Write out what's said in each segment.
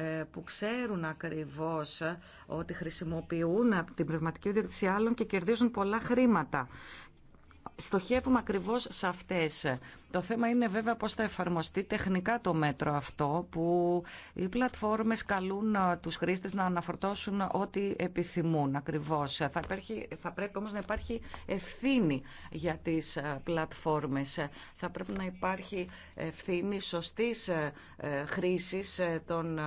Ε, που ξέρουν ακριβώς ε, ότι χρησιμοποιούν την πνευματική διοίκηση άλλων και κερδίζουν πολλά χρήματα στοχεύουμε ακριβώς σε αυτές. Το θέμα είναι βέβαια πώς θα εφαρμοστεί τεχνικά το μέτρο αυτό που οι πλατφόρμες καλούν ε, τους χρήστες να αναφορτώσουν ό,τι επιθυμούν ακριβώς. Θα, θα πρέπει όμως να υπάρχει ευθύνη για τις ε, πλατφόρμες. Θα πρέπει να υπάρχει ευθύνη σωστής ε, χρήσης των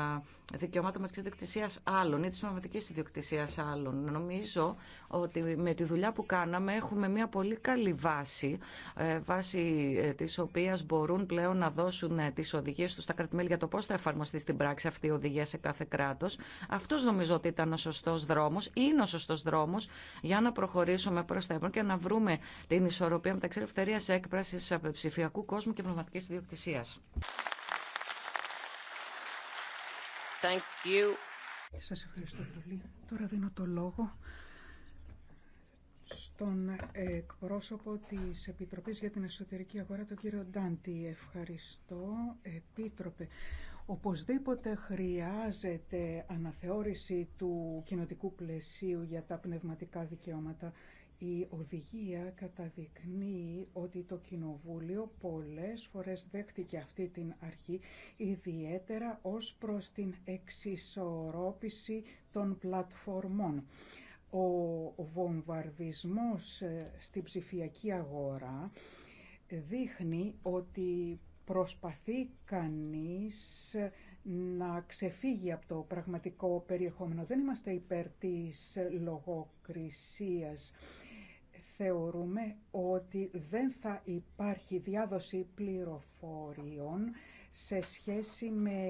δικαιωμάτων μας και ιδιοκτησίας άλλων ή τη πνευματικής ιδιοκτησίας άλλων. Νομίζω ότι με τη δουλειά που κάναμε έχουμε μια πολύ καλή βάση, ε, βάση ε, τη οποία μπορούν πλέον να δώσουν ε, τι οδηγίε του στα κρατημέλη για το πώ θα εφαρμοστεί στην πράξη αυτή η οδηγία σε κάθε κράτο. Αυτό νομίζω ότι ήταν ο σωστό δρόμο, είναι ο σωστό δρόμο για να προχωρήσουμε προ τα επόμενα και να βρούμε την ισορροπία μεταξύ ελευθερία έκπραση, ψηφιακού κόσμου και πνευματική ιδιοκτησία. Σας ευχαριστώ πολύ. Τώρα δίνω το λόγο στον εκπρόσωπο της Επιτροπής για την Εσωτερική Αγορά, τον κύριο Ντάντι. Ευχαριστώ, Επίτροπε. Οπωσδήποτε χρειάζεται αναθεώρηση του κοινοτικού πλαισίου για τα πνευματικά δικαιώματα. Η οδηγία καταδεικνύει ότι το Κοινοβούλιο πολλές φορές δέχτηκε αυτή την αρχή, ιδιαίτερα ως προς την εξισορρόπηση των πλατφορμών. Ο βομβαρδισμός ε, στην ψηφιακή αγορά δείχνει ότι προσπαθεί κανείς να ξεφύγει από το πραγματικό περιεχόμενο. Δεν είμαστε υπέρ της λογοκρισίας. Θεωρούμε ότι δεν θα υπάρχει διάδοση πληροφοριών σε σχέση με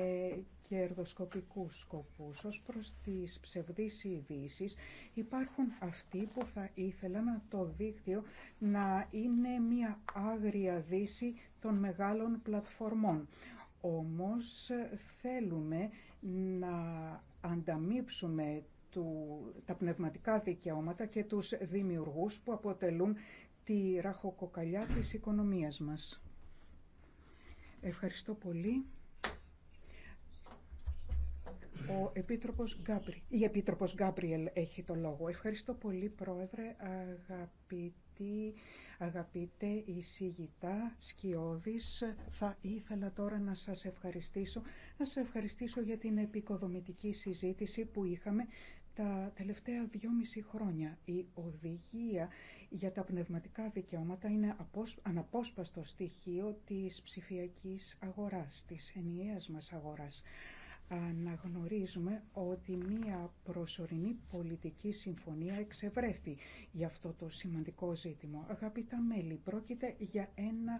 κερδοσκοπικούς σκοπούς. Ως προς τις ψευδείς ειδήσει υπάρχουν αυτοί που θα ήθελαν το δίκτυο να είναι μια άγρια δύση των μεγάλων πλατφορμών. Όμως θέλουμε να ανταμείψουμε του, τα πνευματικά δικαιώματα και τους δημιουργούς που αποτελούν τη ραχοκοκαλιά της οικονομίας μας. Ευχαριστώ πολύ. Ο Επίτροπος Η Επίτροπος Γκάμπριελ έχει το λόγο. Ευχαριστώ πολύ, Πρόεδρε, αγαπητή, αγαπητέ εισηγητά, σκιώδης. Θα ήθελα τώρα να σας ευχαριστήσω, να σας ευχαριστήσω για την επικοδομητική συζήτηση που είχαμε τα τελευταία δυόμιση χρόνια. Η οδηγία για τα πνευματικά δικαιώματα είναι αναπόσπαστο στοιχείο της ψηφιακής αγοράς, της ενιαίας μας αγοράς αναγνωρίζουμε ότι μία προσωρινή πολιτική συμφωνία εξευρέθη για αυτό το σημαντικό ζήτημα. Αγαπητά μέλη, πρόκειται για ένα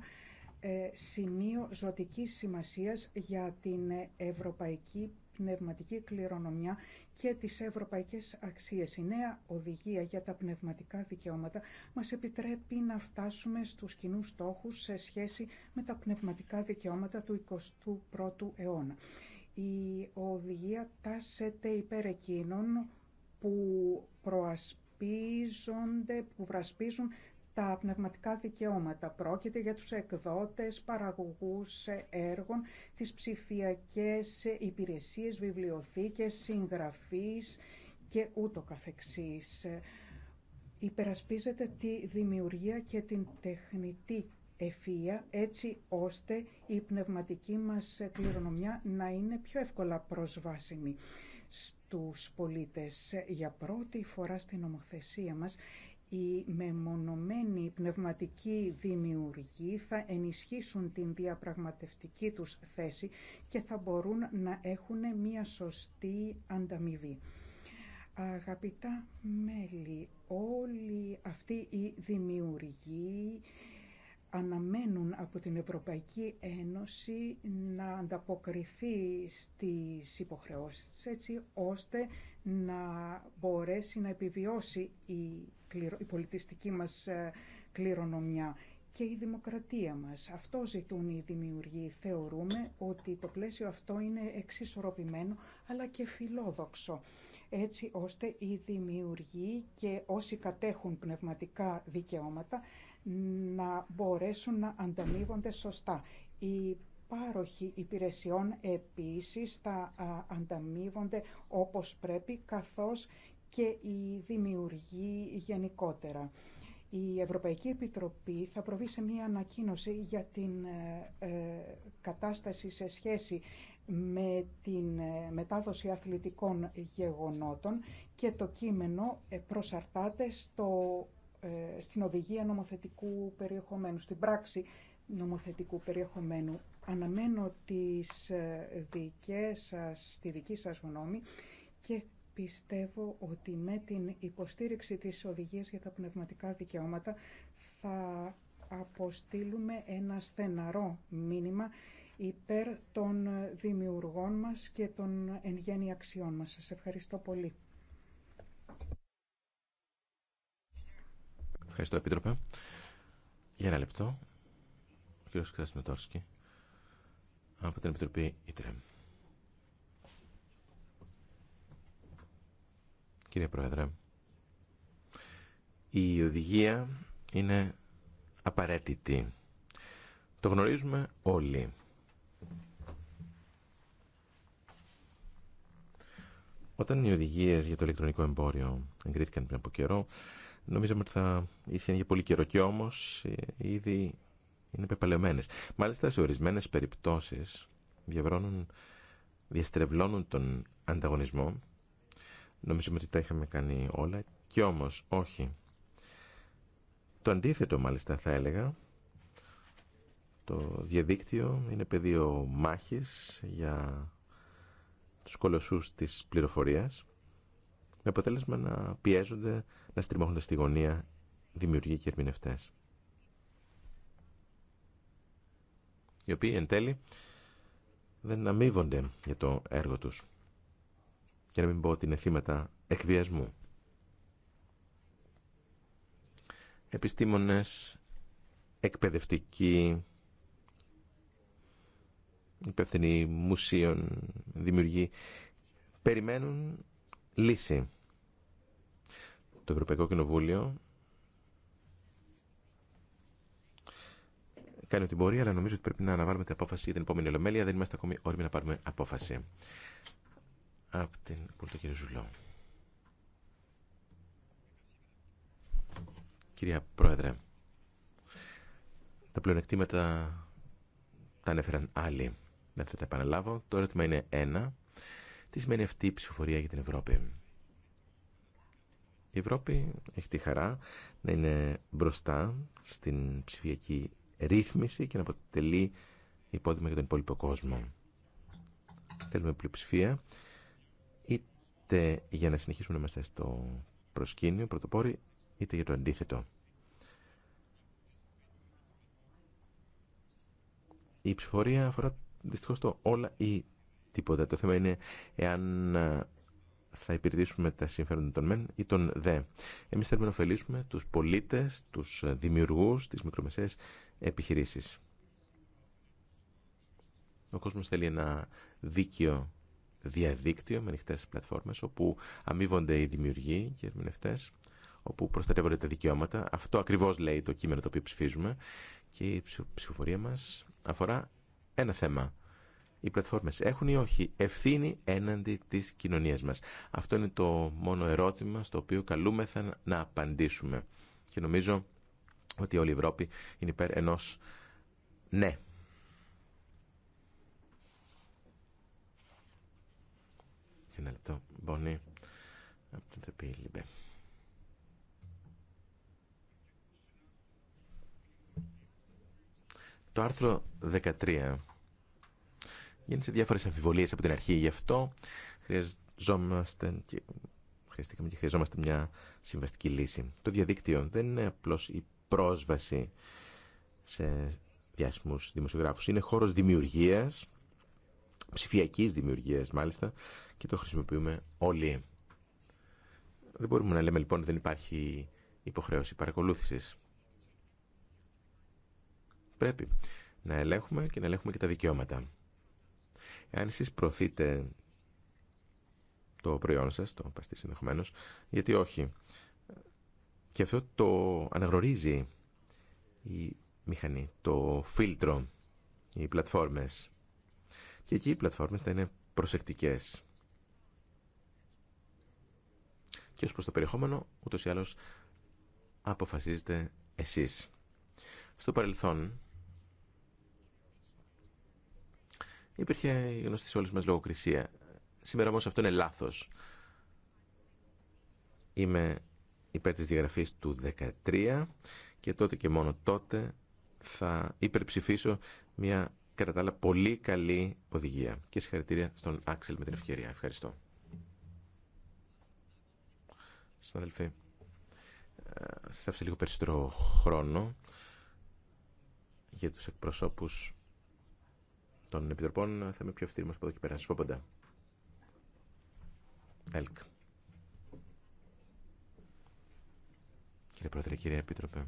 ε, σημείο ζωτικής σημασίας για την ευρωπαϊκή πνευματική κληρονομιά και τις ευρωπαϊκές αξίες. Η νέα οδηγία για τα πνευματικά δικαιώματα μας επιτρέπει να φτάσουμε στους κοινούς στόχους σε σχέση με τα πνευματικά δικαιώματα του 21ου αιώνα η οδηγία τάσεται υπέρ εκείνων που προασπίζονται, που προασπίζουν τα πνευματικά δικαιώματα. Πρόκειται για τους εκδότες, παραγωγούς έργων, τις ψηφιακές υπηρεσίες, βιβλιοθήκες, συγγραφείς και ούτω καθεξής. Υπερασπίζεται τη δημιουργία και την τεχνητή ευφυΐα έτσι ώστε η πνευματική μας κληρονομιά να είναι πιο εύκολα προσβάσιμη στους πολίτες. Για πρώτη φορά στην νομοθεσία μας η μεμονωμένη πνευματικοί δημιουργή θα ενισχύσουν την διαπραγματευτική τους θέση και θα μπορούν να έχουν μία σωστή ανταμοιβή. Αγαπητά μέλη, όλοι αυτοί οι δημιουργοί αναμένουν από την Ευρωπαϊκή Ένωση να ανταποκριθεί στις υποχρεώσεις της έτσι ώστε να μπορέσει να επιβιώσει η πολιτιστική μας ε, κληρονομιά και η δημοκρατία μας. Αυτό ζητούν οι δημιουργοί. Θεωρούμε ότι το πλαίσιο αυτό είναι εξισορροπημένο αλλά και φιλόδοξο έτσι ώστε οι δημιουργοί και όσοι κατέχουν πνευματικά δικαιώματα να μπορέσουν να ανταμείβονται σωστά. Οι πάροχοι υπηρεσιών επίσης θα ανταμείβονται όπως πρέπει, καθώς και η δημιουργοί γενικότερα. Η Ευρωπαϊκή Επιτροπή θα προβεί σε μία ανακοίνωση για την ε, ε, κατάσταση σε σχέση με την ε, μετάδοση αθλητικών γεγονότων και το κείμενο προσαρτάται στο ε, στην οδηγία νομοθετικού περιεχομένου, στην πράξη νομοθετικού περιεχομένου. Αναμένω τις ε, δικές σας, τη δική σας γνώμη και πιστεύω ότι με την υποστήριξη της οδηγίας για τα πνευματικά δικαιώματα θα αποστείλουμε ένα στεναρό μήνυμα υπέρ των δημιουργών μας και των εν γέννη αξιών μας. Σας ευχαριστώ πολύ. Ευχαριστώ, Επίτροπε. Για ένα λεπτό, ο κύριος Κρασμετόρσκι από την Επιτροπή ΙΤΡΕΜ. Κύριε Πρόεδρε, η οδηγία είναι απαραίτητη. Το γνωρίζουμε όλοι. Όταν οι οδηγίες για το ηλεκτρονικό εμπόριο εγκρίθηκαν πριν από καιρό, Νομίζαμε ότι θα ίσχυαν για πολύ καιρό και όμω ε, ήδη είναι πεπαλαιωμένε. Μάλιστα σε ορισμένε περιπτώσεις διαβρώνουν, διαστρεβλώνουν τον ανταγωνισμό. Νομίζουμε ότι τα είχαμε κάνει όλα και όμως όχι. Το αντίθετο μάλιστα θα έλεγα. Το διαδίκτυο είναι πεδίο μάχης για τους κολοσσούς της πληροφορίας με αποτέλεσμα να πιέζονται, να στριμώχνονται στη γωνία δημιουργοί και ερμηνευτέ. Οι οποίοι εν τέλει δεν αμείβονται για το έργο τους. για να μην πω ότι είναι θύματα εκβιασμού. Επιστήμονες, εκπαιδευτικοί, υπεύθυνοι μουσείων, δημιουργοί, περιμένουν λύση. Το Ευρωπαϊκό Κοινοβούλιο κάνει ό,τι μπορεί, αλλά νομίζω ότι πρέπει να αναβάλουμε την απόφαση για την επόμενη ολομέλεια. Δεν είμαστε ακόμη όριμοι να πάρουμε απόφαση. Από την πολη Ζουλό. Κυρία Πρόεδρε, τα πλεονεκτήματα τα ανέφεραν άλλοι. Δεν θα τα επαναλάβω. Το ερώτημα είναι ένα. Τι σημαίνει αυτή η ψηφοφορία για την Ευρώπη. Η Ευρώπη έχει τη χαρά να είναι μπροστά στην ψηφιακή ρύθμιση και να αποτελεί υπόδειγμα για τον υπόλοιπο κόσμο. Θέλουμε πλειοψηφία είτε για να συνεχίσουμε να είμαστε στο προσκήνιο πρωτοπόροι είτε για το αντίθετο. Η ψηφορία αφορά δυστυχώς το όλα ή τίποτα. Το θέμα είναι εάν ε, θα υπηρετήσουμε τα συμφέροντα των μεν ή των δε. Εμείς θέλουμε να ωφελήσουμε τους πολίτες, τους δημιουργούς, τις μικρομεσαίες επιχειρήσεις. Ο κόσμος θέλει ένα δίκαιο διαδίκτυο με ανοιχτέ πλατφόρμες όπου αμείβονται οι δημιουργοί και οι ερμηνευτέ, όπου προστατεύονται τα δικαιώματα. Αυτό ακριβώς λέει το κείμενο το οποίο ψηφίζουμε και η ψηφοφορία μας αφορά ένα θέμα οι πλατφόρμες έχουν ή όχι ευθύνη έναντι της κοινωνίας μας. Αυτό είναι το μόνο ερώτημα στο οποίο καλούμεθα να απαντήσουμε. Και νομίζω ότι όλη η Ευρώπη είναι υπέρ ενός ναι. Και λεπτό, Μπονή, Το άρθρο 13 σε διάφορε αμφιβολίε από την αρχή. Γι' αυτό χρειαζόμαστε και και χρειαζόμαστε μια συμβαστική λύση. Το διαδίκτυο δεν είναι απλώ η πρόσβαση σε διάσημου δημοσιογράφου. Είναι χώρο δημιουργία, ψηφιακή δημιουργία μάλιστα, και το χρησιμοποιούμε όλοι. Δεν μπορούμε να λέμε λοιπόν ότι δεν υπάρχει υποχρέωση παρακολούθηση. Πρέπει να ελέγχουμε και να ελέγχουμε και τα δικαιώματα. Εάν εσείς προωθείτε το προϊόν σας, το παστή ενδεχομένω, γιατί όχι. Και αυτό το αναγνωρίζει η μηχανή, το φίλτρο, οι πλατφόρμες. Και εκεί οι πλατφόρμες θα είναι προσεκτικές. Και ως προς το περιεχόμενο, ούτως ή άλλως αποφασίζετε εσείς. Στο παρελθόν, υπήρχε η γνωστή σε όλους μα λογοκρισία. Σήμερα όμως αυτό είναι λάθος. Είμαι υπέρ της διαγραφής του 13 και τότε και μόνο τότε θα υπερψηφίσω μια κατά τα άλλα πολύ καλή οδηγία. Και συγχαρητήρια στον Άξελ με την ευκαιρία. Ευχαριστώ. Συναδελφοί, ε, σας άφησα λίγο περισσότερο χρόνο για τους εκπροσώπους των επιτροπών θα είμαι πιο αυστηρή μας από εδώ και πέρα. ποντά. ΕΛΚ. Κύριε Πρόεδρε, κύριε Επίτροπε.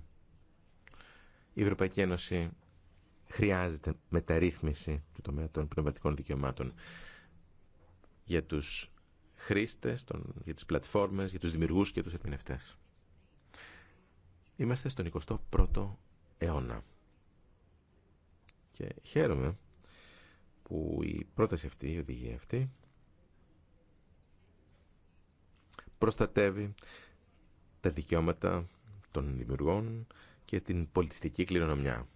Η Ευρωπαϊκή Ένωση χρειάζεται μεταρρύθμιση του τομέα των πνευματικών δικαιωμάτων για τους χρήστες, τον, για τις πλατφόρμες, για τους δημιουργούς και τους ερμηνευτές. Είμαστε στον 21ο αιώνα. Και χαίρομαι που η πρόταση αυτή, η οδηγία αυτή, προστατεύει τα δικαιώματα των δημιουργών και την πολιτιστική κληρονομιά.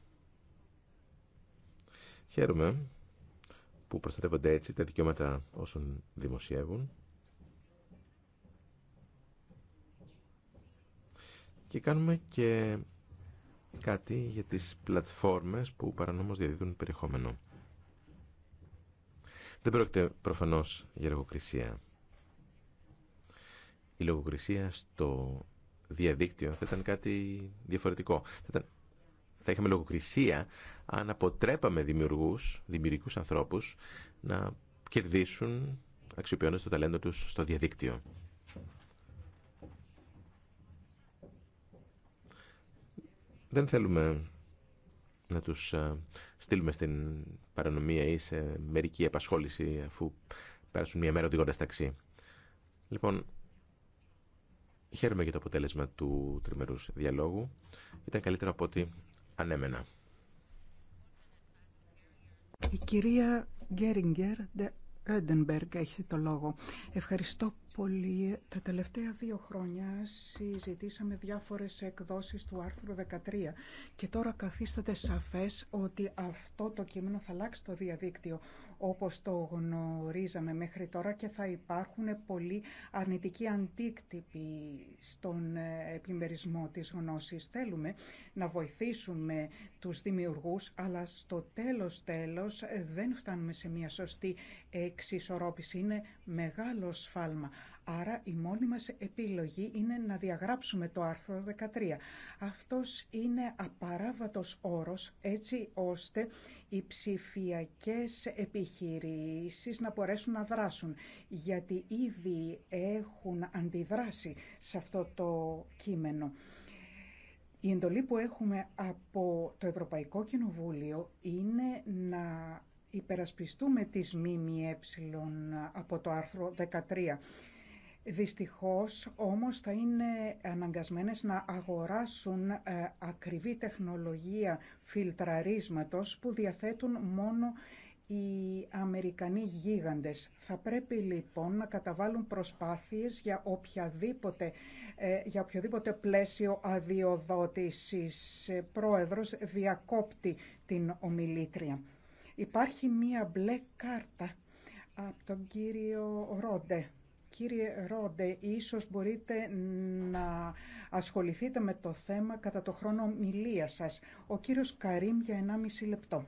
Χαίρομαι που προστατεύονται έτσι τα δικαιώματα όσων δημοσιεύουν και κάνουμε και κάτι για τις πλατφόρμες που παρανόμως διαδίδουν περιεχόμενο. Δεν πρόκειται προφανώς για λογοκρισία. Η λογοκρισία στο διαδίκτυο θα ήταν κάτι διαφορετικό. Θα, ήταν... είχαμε λογοκρισία αν αποτρέπαμε δημιουργούς, δημιουργικούς ανθρώπους να κερδίσουν αξιοποιώντας το ταλέντο τους στο διαδίκτυο. Δεν θέλουμε να τους ε, στείλουμε στην παρανομία ή σε μερική επασχόληση αφού πέρασουν μια μέρα οδηγώντας ταξί. Λοιπόν, χαίρομαι για το αποτέλεσμα του τριμερούς διαλόγου. Ήταν καλύτερο από ό,τι ανέμενα. Η κυρία Γκέριγκερ έχει το λόγο. Ευχαριστώ πολύ. Τα τελευταία δύο χρόνια συζητήσαμε διάφορες εκδόσεις του άρθρου 13 και τώρα καθίσταται σαφές ότι αυτό το κείμενο θα αλλάξει το διαδίκτυο όπως το γνωρίζαμε μέχρι τώρα και θα υπάρχουν πολύ αρνητικοί αντίκτυποι στον ε, επιμερισμό της γνώσης. Θέλουμε να βοηθήσουμε τους δημιουργούς, αλλά στο τέλος τέλος ε, δεν φτάνουμε σε μια σωστή εξισορρόπηση. Είναι μεγάλο σφάλμα. Άρα η μόνη μας επιλογή είναι να διαγράψουμε το άρθρο 13. Αυτός είναι απαράβατος όρος έτσι ώστε οι ψηφιακές επιχειρήσεις να μπορέσουν να δράσουν γιατί ήδη έχουν αντιδράσει σε αυτό το κείμενο. Η εντολή που έχουμε από το Ευρωπαϊκό Κοινοβούλιο είναι να υπερασπιστούμε τις ΜΜΕ από το άρθρο 13 Δυστυχώς όμως θα είναι αναγκασμένες να αγοράσουν ε, ακριβή τεχνολογία φιλτραρίσματος που διαθέτουν μόνο οι Αμερικανοί γίγαντες. Θα πρέπει λοιπόν να καταβάλουν προσπάθειες για, οποιαδήποτε, ε, για οποιοδήποτε πλαίσιο αδειοδότησης. Πρόεδρος διακόπτει την ομιλήτρια. Υπάρχει μία μπλε κάρτα από τον κύριο Ρόντε. Κύριε Ρόντε, ίσως μπορείτε να ασχοληθείτε με το θέμα κατά το χρόνο μιλία σας. Ο κύριος Καρίμ για 1,5 λεπτό.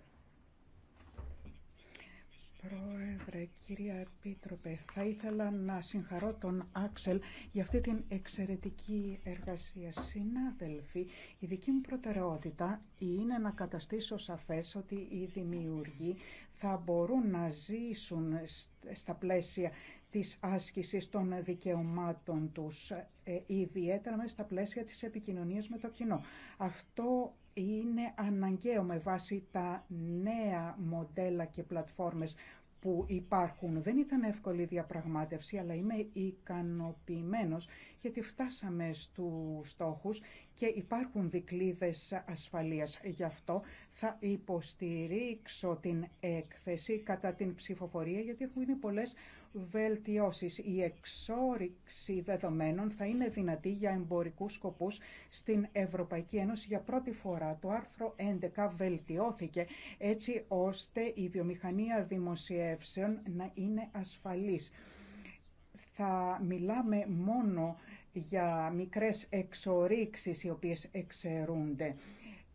Πρόεδρε, κυρία Επίτροπε, θα ήθελα να συγχαρώ τον Άξελ για αυτή την εξαιρετική εργασία. Συνάδελφοι, η δική μου προτεραιότητα είναι να καταστήσω σαφές ότι οι δημιουργοί θα μπορούν να ζήσουν στα πλαίσια της άσκησης των δικαιωμάτων τους, ε, ιδιαίτερα μέσα στα πλαίσια της επικοινωνίας με το κοινό. Αυτό είναι αναγκαίο με βάση τα νέα μοντέλα και πλατφόρμες που υπάρχουν. Δεν ήταν εύκολη διαπραγμάτευση, αλλά είμαι ικανοποιημένος γιατί φτάσαμε στους στόχους και υπάρχουν δικλείδες ασφαλείας. Γι' αυτό θα υποστηρίξω την έκθεση κατά την ψηφοφορία γιατί έχουν πολλές βελτιώσεις. Η εξόριξη δεδομένων θα είναι δυνατή για εμπορικούς σκοπούς στην Ευρωπαϊκή Ένωση για πρώτη φορά. Το άρθρο 11 βελτιώθηκε έτσι ώστε η βιομηχανία δημοσιεύσεων να είναι ασφαλής. Θα μιλάμε μόνο για μικρές εξορίξεις οι οποίες εξαιρούνται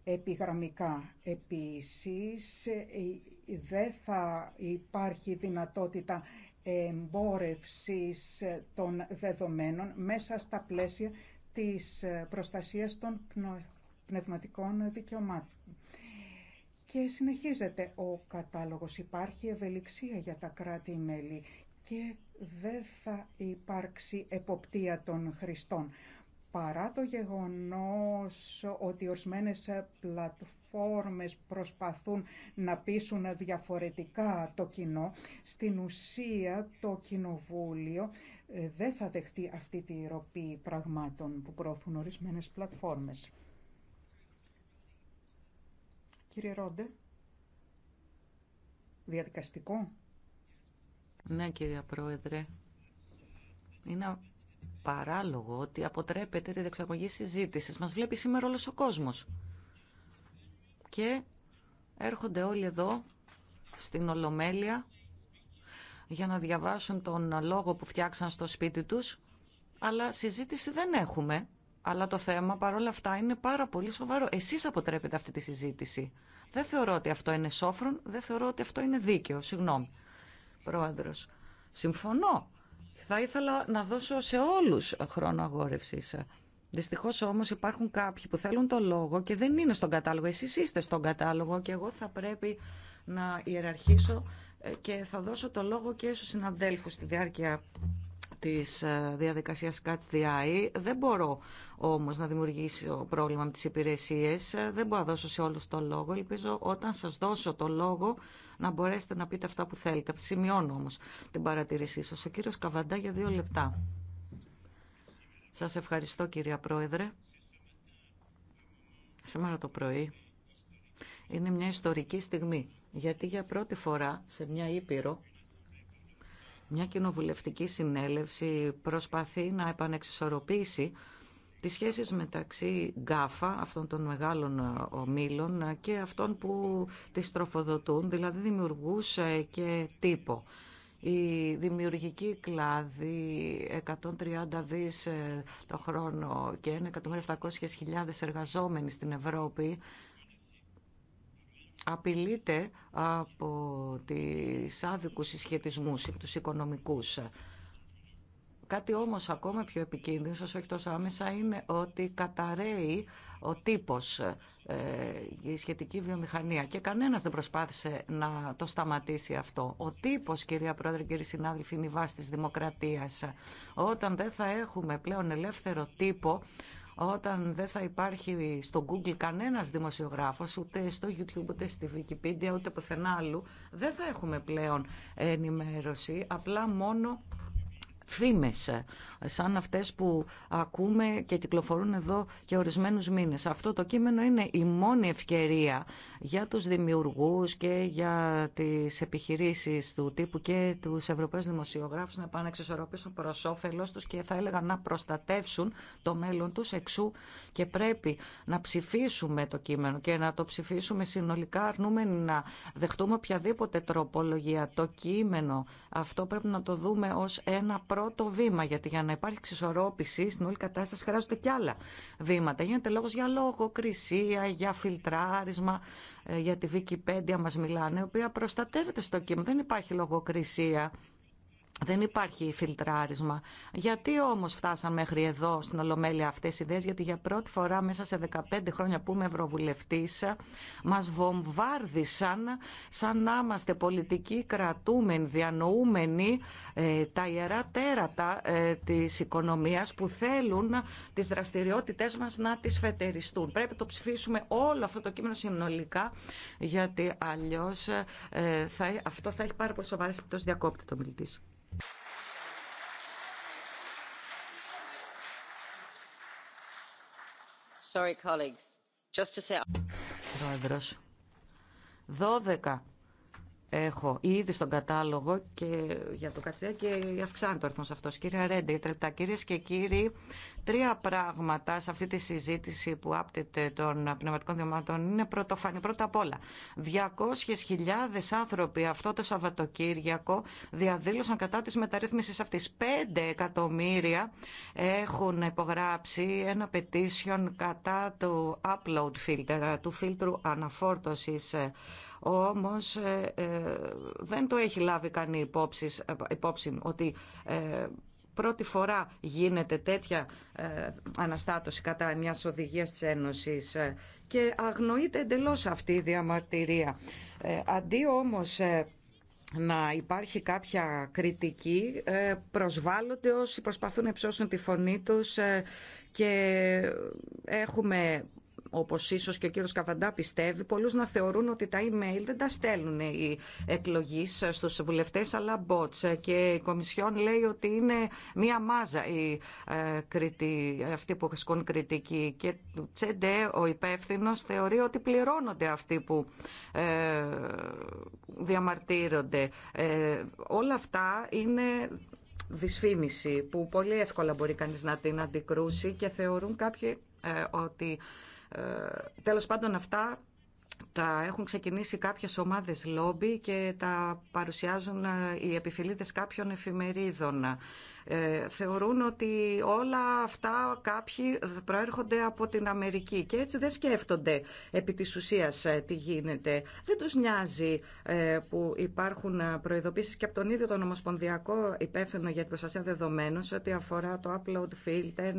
επιγραμμικά. Επίσης, δεν θα υπάρχει δυνατότητα εμπόρευσης των δεδομένων μέσα στα πλαίσια της προστασίας των πνευματικών δικαιωμάτων. Και συνεχίζεται ο κατάλογος. Υπάρχει ευελιξία για τα κράτη-μέλη και δεν θα υπάρξει εποπτεία των χρηστών. Παρά το γεγονός ότι ορισμένες πλατφόρμες προσπαθούν να πείσουν διαφορετικά το κοινό, στην ουσία το κοινοβούλιο ε, δεν θα δεχτεί αυτή τη ροπή πραγμάτων που προωθούν ορισμένες πλατφόρμες. Κύριε Ρόντε, διαδικαστικό. Ναι, κύριε Πρόεδρε. Είναι παράλογο ότι αποτρέπεται τη δεξαγωγή συζήτηση. Μας βλέπει σήμερα όλος ο κόσμος. Και έρχονται όλοι εδώ, στην Ολομέλεια, για να διαβάσουν τον λόγο που φτιάξαν στο σπίτι τους, αλλά συζήτηση δεν έχουμε. Αλλά το θέμα παρόλα αυτά είναι πάρα πολύ σοβαρό. Εσείς αποτρέπετε αυτή τη συζήτηση. Δεν θεωρώ ότι αυτό είναι σόφρον, δεν θεωρώ ότι αυτό είναι δίκαιο. Συγγνώμη. Πρόεδρος. Συμφωνώ. Θα ήθελα να δώσω σε όλους χρόνο αγόρευσης. Δυστυχώ όμω υπάρχουν κάποιοι που θέλουν το λόγο και δεν είναι στον κατάλογο. Εσείς είστε στον κατάλογο και εγώ θα πρέπει να ιεραρχήσω και θα δώσω το λόγο και στου συναδέλφους στη διάρκεια της ε, διαδικασίας Catch the Eye. Δεν μπορώ όμως να δημιουργήσω πρόβλημα με τις υπηρεσίες. Δεν μπορώ να δώσω σε όλους το λόγο. Ελπίζω όταν σας δώσω το λόγο να μπορέσετε να πείτε αυτά που θέλετε. Σημειώνω όμως την παρατηρήσή σας. Ο κύριος Καβαντά για δύο λεπτά. Σας ευχαριστώ κυρία Πρόεδρε. Σήμερα το πρωί είναι μια ιστορική στιγμή, γιατί για πρώτη φορά σε μια Ήπειρο μια κοινοβουλευτική συνέλευση προσπαθεί να επανεξισορροπήσει τις σχέσεις μεταξύ γκάφα, αυτών των μεγάλων ε, ομίλων ε, και αυτών που τις τροφοδοτούν, δηλαδή δημιουργούσε και τύπο. Η δημιουργική κλάδη 130 δις ε, το χρόνο και 1.700.000 εργαζόμενοι στην Ευρώπη απειλείται από τις άδικους συσχετισμούς, τους οικονομικούς. Κάτι όμως ακόμα πιο επικίνδυνο, όχι τόσο άμεσα, είναι ότι καταραίει ο τύπος, ε, η σχετική βιομηχανία. Και κανένας δεν προσπάθησε να το σταματήσει αυτό. Ο τύπος, κυρία Πρόεδρε, κύριοι συνάδελφοι, είναι η βάση της δημοκρατίας. Όταν δεν θα έχουμε πλέον ελεύθερο τύπο, όταν δεν θα υπάρχει στο Google κανένας δημοσιογράφος, ούτε στο YouTube, ούτε στη Wikipedia, ούτε πουθενά άλλου, δεν θα έχουμε πλέον ενημέρωση, απλά μόνο φήμες σαν αυτές που ακούμε και κυκλοφορούν εδώ και ορισμένους μήνες. Αυτό το κείμενο είναι η μόνη ευκαιρία για τους δημιουργούς και για τις επιχειρήσεις του τύπου και τους Ευρωπαίους δημοσιογράφους να πάνε επαναξισορροπήσουν προς όφελός τους και θα έλεγα να προστατεύσουν το μέλλον τους εξού και πρέπει να ψηφίσουμε το κείμενο και να το ψηφίσουμε συνολικά αρνούμενοι να δεχτούμε οποιαδήποτε τροπολογία. Το κείμενο αυτό πρέπει να το δούμε ως ένα πρώτο βήμα γιατί για να υπάρχει ξεσορρόπηση στην όλη κατάσταση χρειάζονται και άλλα βήματα. Γίνεται λόγος για λογοκρισία, για φιλτράρισμα, ε, για τη Wikipedia μας μιλάνε, η οποία προστατεύεται στο κείμενο. Δεν υπάρχει λογοκρισία. Δεν υπάρχει φιλτράρισμα. Γιατί όμως φτάσαν μέχρι εδώ στην Ολομέλεια αυτές οι ιδέες, γιατί για πρώτη φορά μέσα σε 15 χρόνια που είμαι ευρωβουλευτής μας βομβάρδισαν σαν να είμαστε πολιτικοί κρατούμενοι, διανοούμενοι ε, τα ιερά τέρατα ε, της οικονομίας που θέλουν τις δραστηριότητές μας να τις φετεριστούν. Πρέπει να το ψηφίσουμε όλο αυτό το κείμενο συνολικά, γιατί αλλιώς ε, θα, αυτό θα έχει πάρα πολύ σοβαρές επιπτώσεις διακόπτη το μιλητής. Sorry, colleagues. Just to say... Πρόεδρος, 12 έχω ήδη στον κατάλογο και για το κατσιά και αυξάνει το αριθμό αυτό. Κύριε Ρέντε, τρεπτά κυρίε και κύριοι, Τρία πράγματα σε αυτή τη συζήτηση που άπτεται των πνευματικών διαματών είναι πρωτοφανή. Πρώτα απ' όλα, 200.000 άνθρωποι αυτό το Σαββατοκύριακο διαδήλωσαν κατά τη μεταρρύθμιση αυτή. 5 εκατομμύρια έχουν υπογράψει ένα petition κατά του upload filter, του φίλτρου αναφόρτωση. όμως ε, ε, δεν το έχει λάβει κανεί υπόψη, ε, υπόψη ότι Πρώτη φορά γίνεται τέτοια ε, αναστάτωση κατά μια οδηγίας της Ένωσης ε, και αγνοείται εντελώς αυτή η διαμαρτυρία. Ε, αντί όμως να υπάρχει κάποια κριτική, προσβάλλονται όσοι προσπαθούν να υψώσουν τη φωνή τους και έχουμε όπως ίσως και ο κύριος Καβαντά πιστεύει, πολλού να θεωρούν ότι τα email δεν τα στέλνουν οι εκλογείς στους βουλευτέ αλλά bots. Και η Κομισιόν λέει ότι είναι μία μάζα η, ε, αυτοί που ασκούν κριτική. Και το Τσέντε, ο υπεύθυνο θεωρεί ότι πληρώνονται αυτοί που ε, διαμαρτύρονται. Ε, όλα αυτά είναι δυσφήμιση που πολύ εύκολα μπορεί κανείς να την αντικρούσει και θεωρούν κάποιοι ε, ότι ε, τέλος πάντων αυτά τα έχουν ξεκινήσει κάποιες ομάδες λόμπι και τα παρουσιάζουν ε, οι επιφυλίδες κάποιων εφημερίδων. Ε, θεωρούν ότι όλα αυτά κάποιοι προέρχονται από την Αμερική και έτσι δεν σκέφτονται επί της ουσίας ε, τι γίνεται. Δεν τους νοιάζει ε, που υπάρχουν προειδοποίησεις και από τον ίδιο τον Ομοσπονδιακό υπεύθυνο για την προστασία δεδομένων σε ό,τι αφορά το upload filter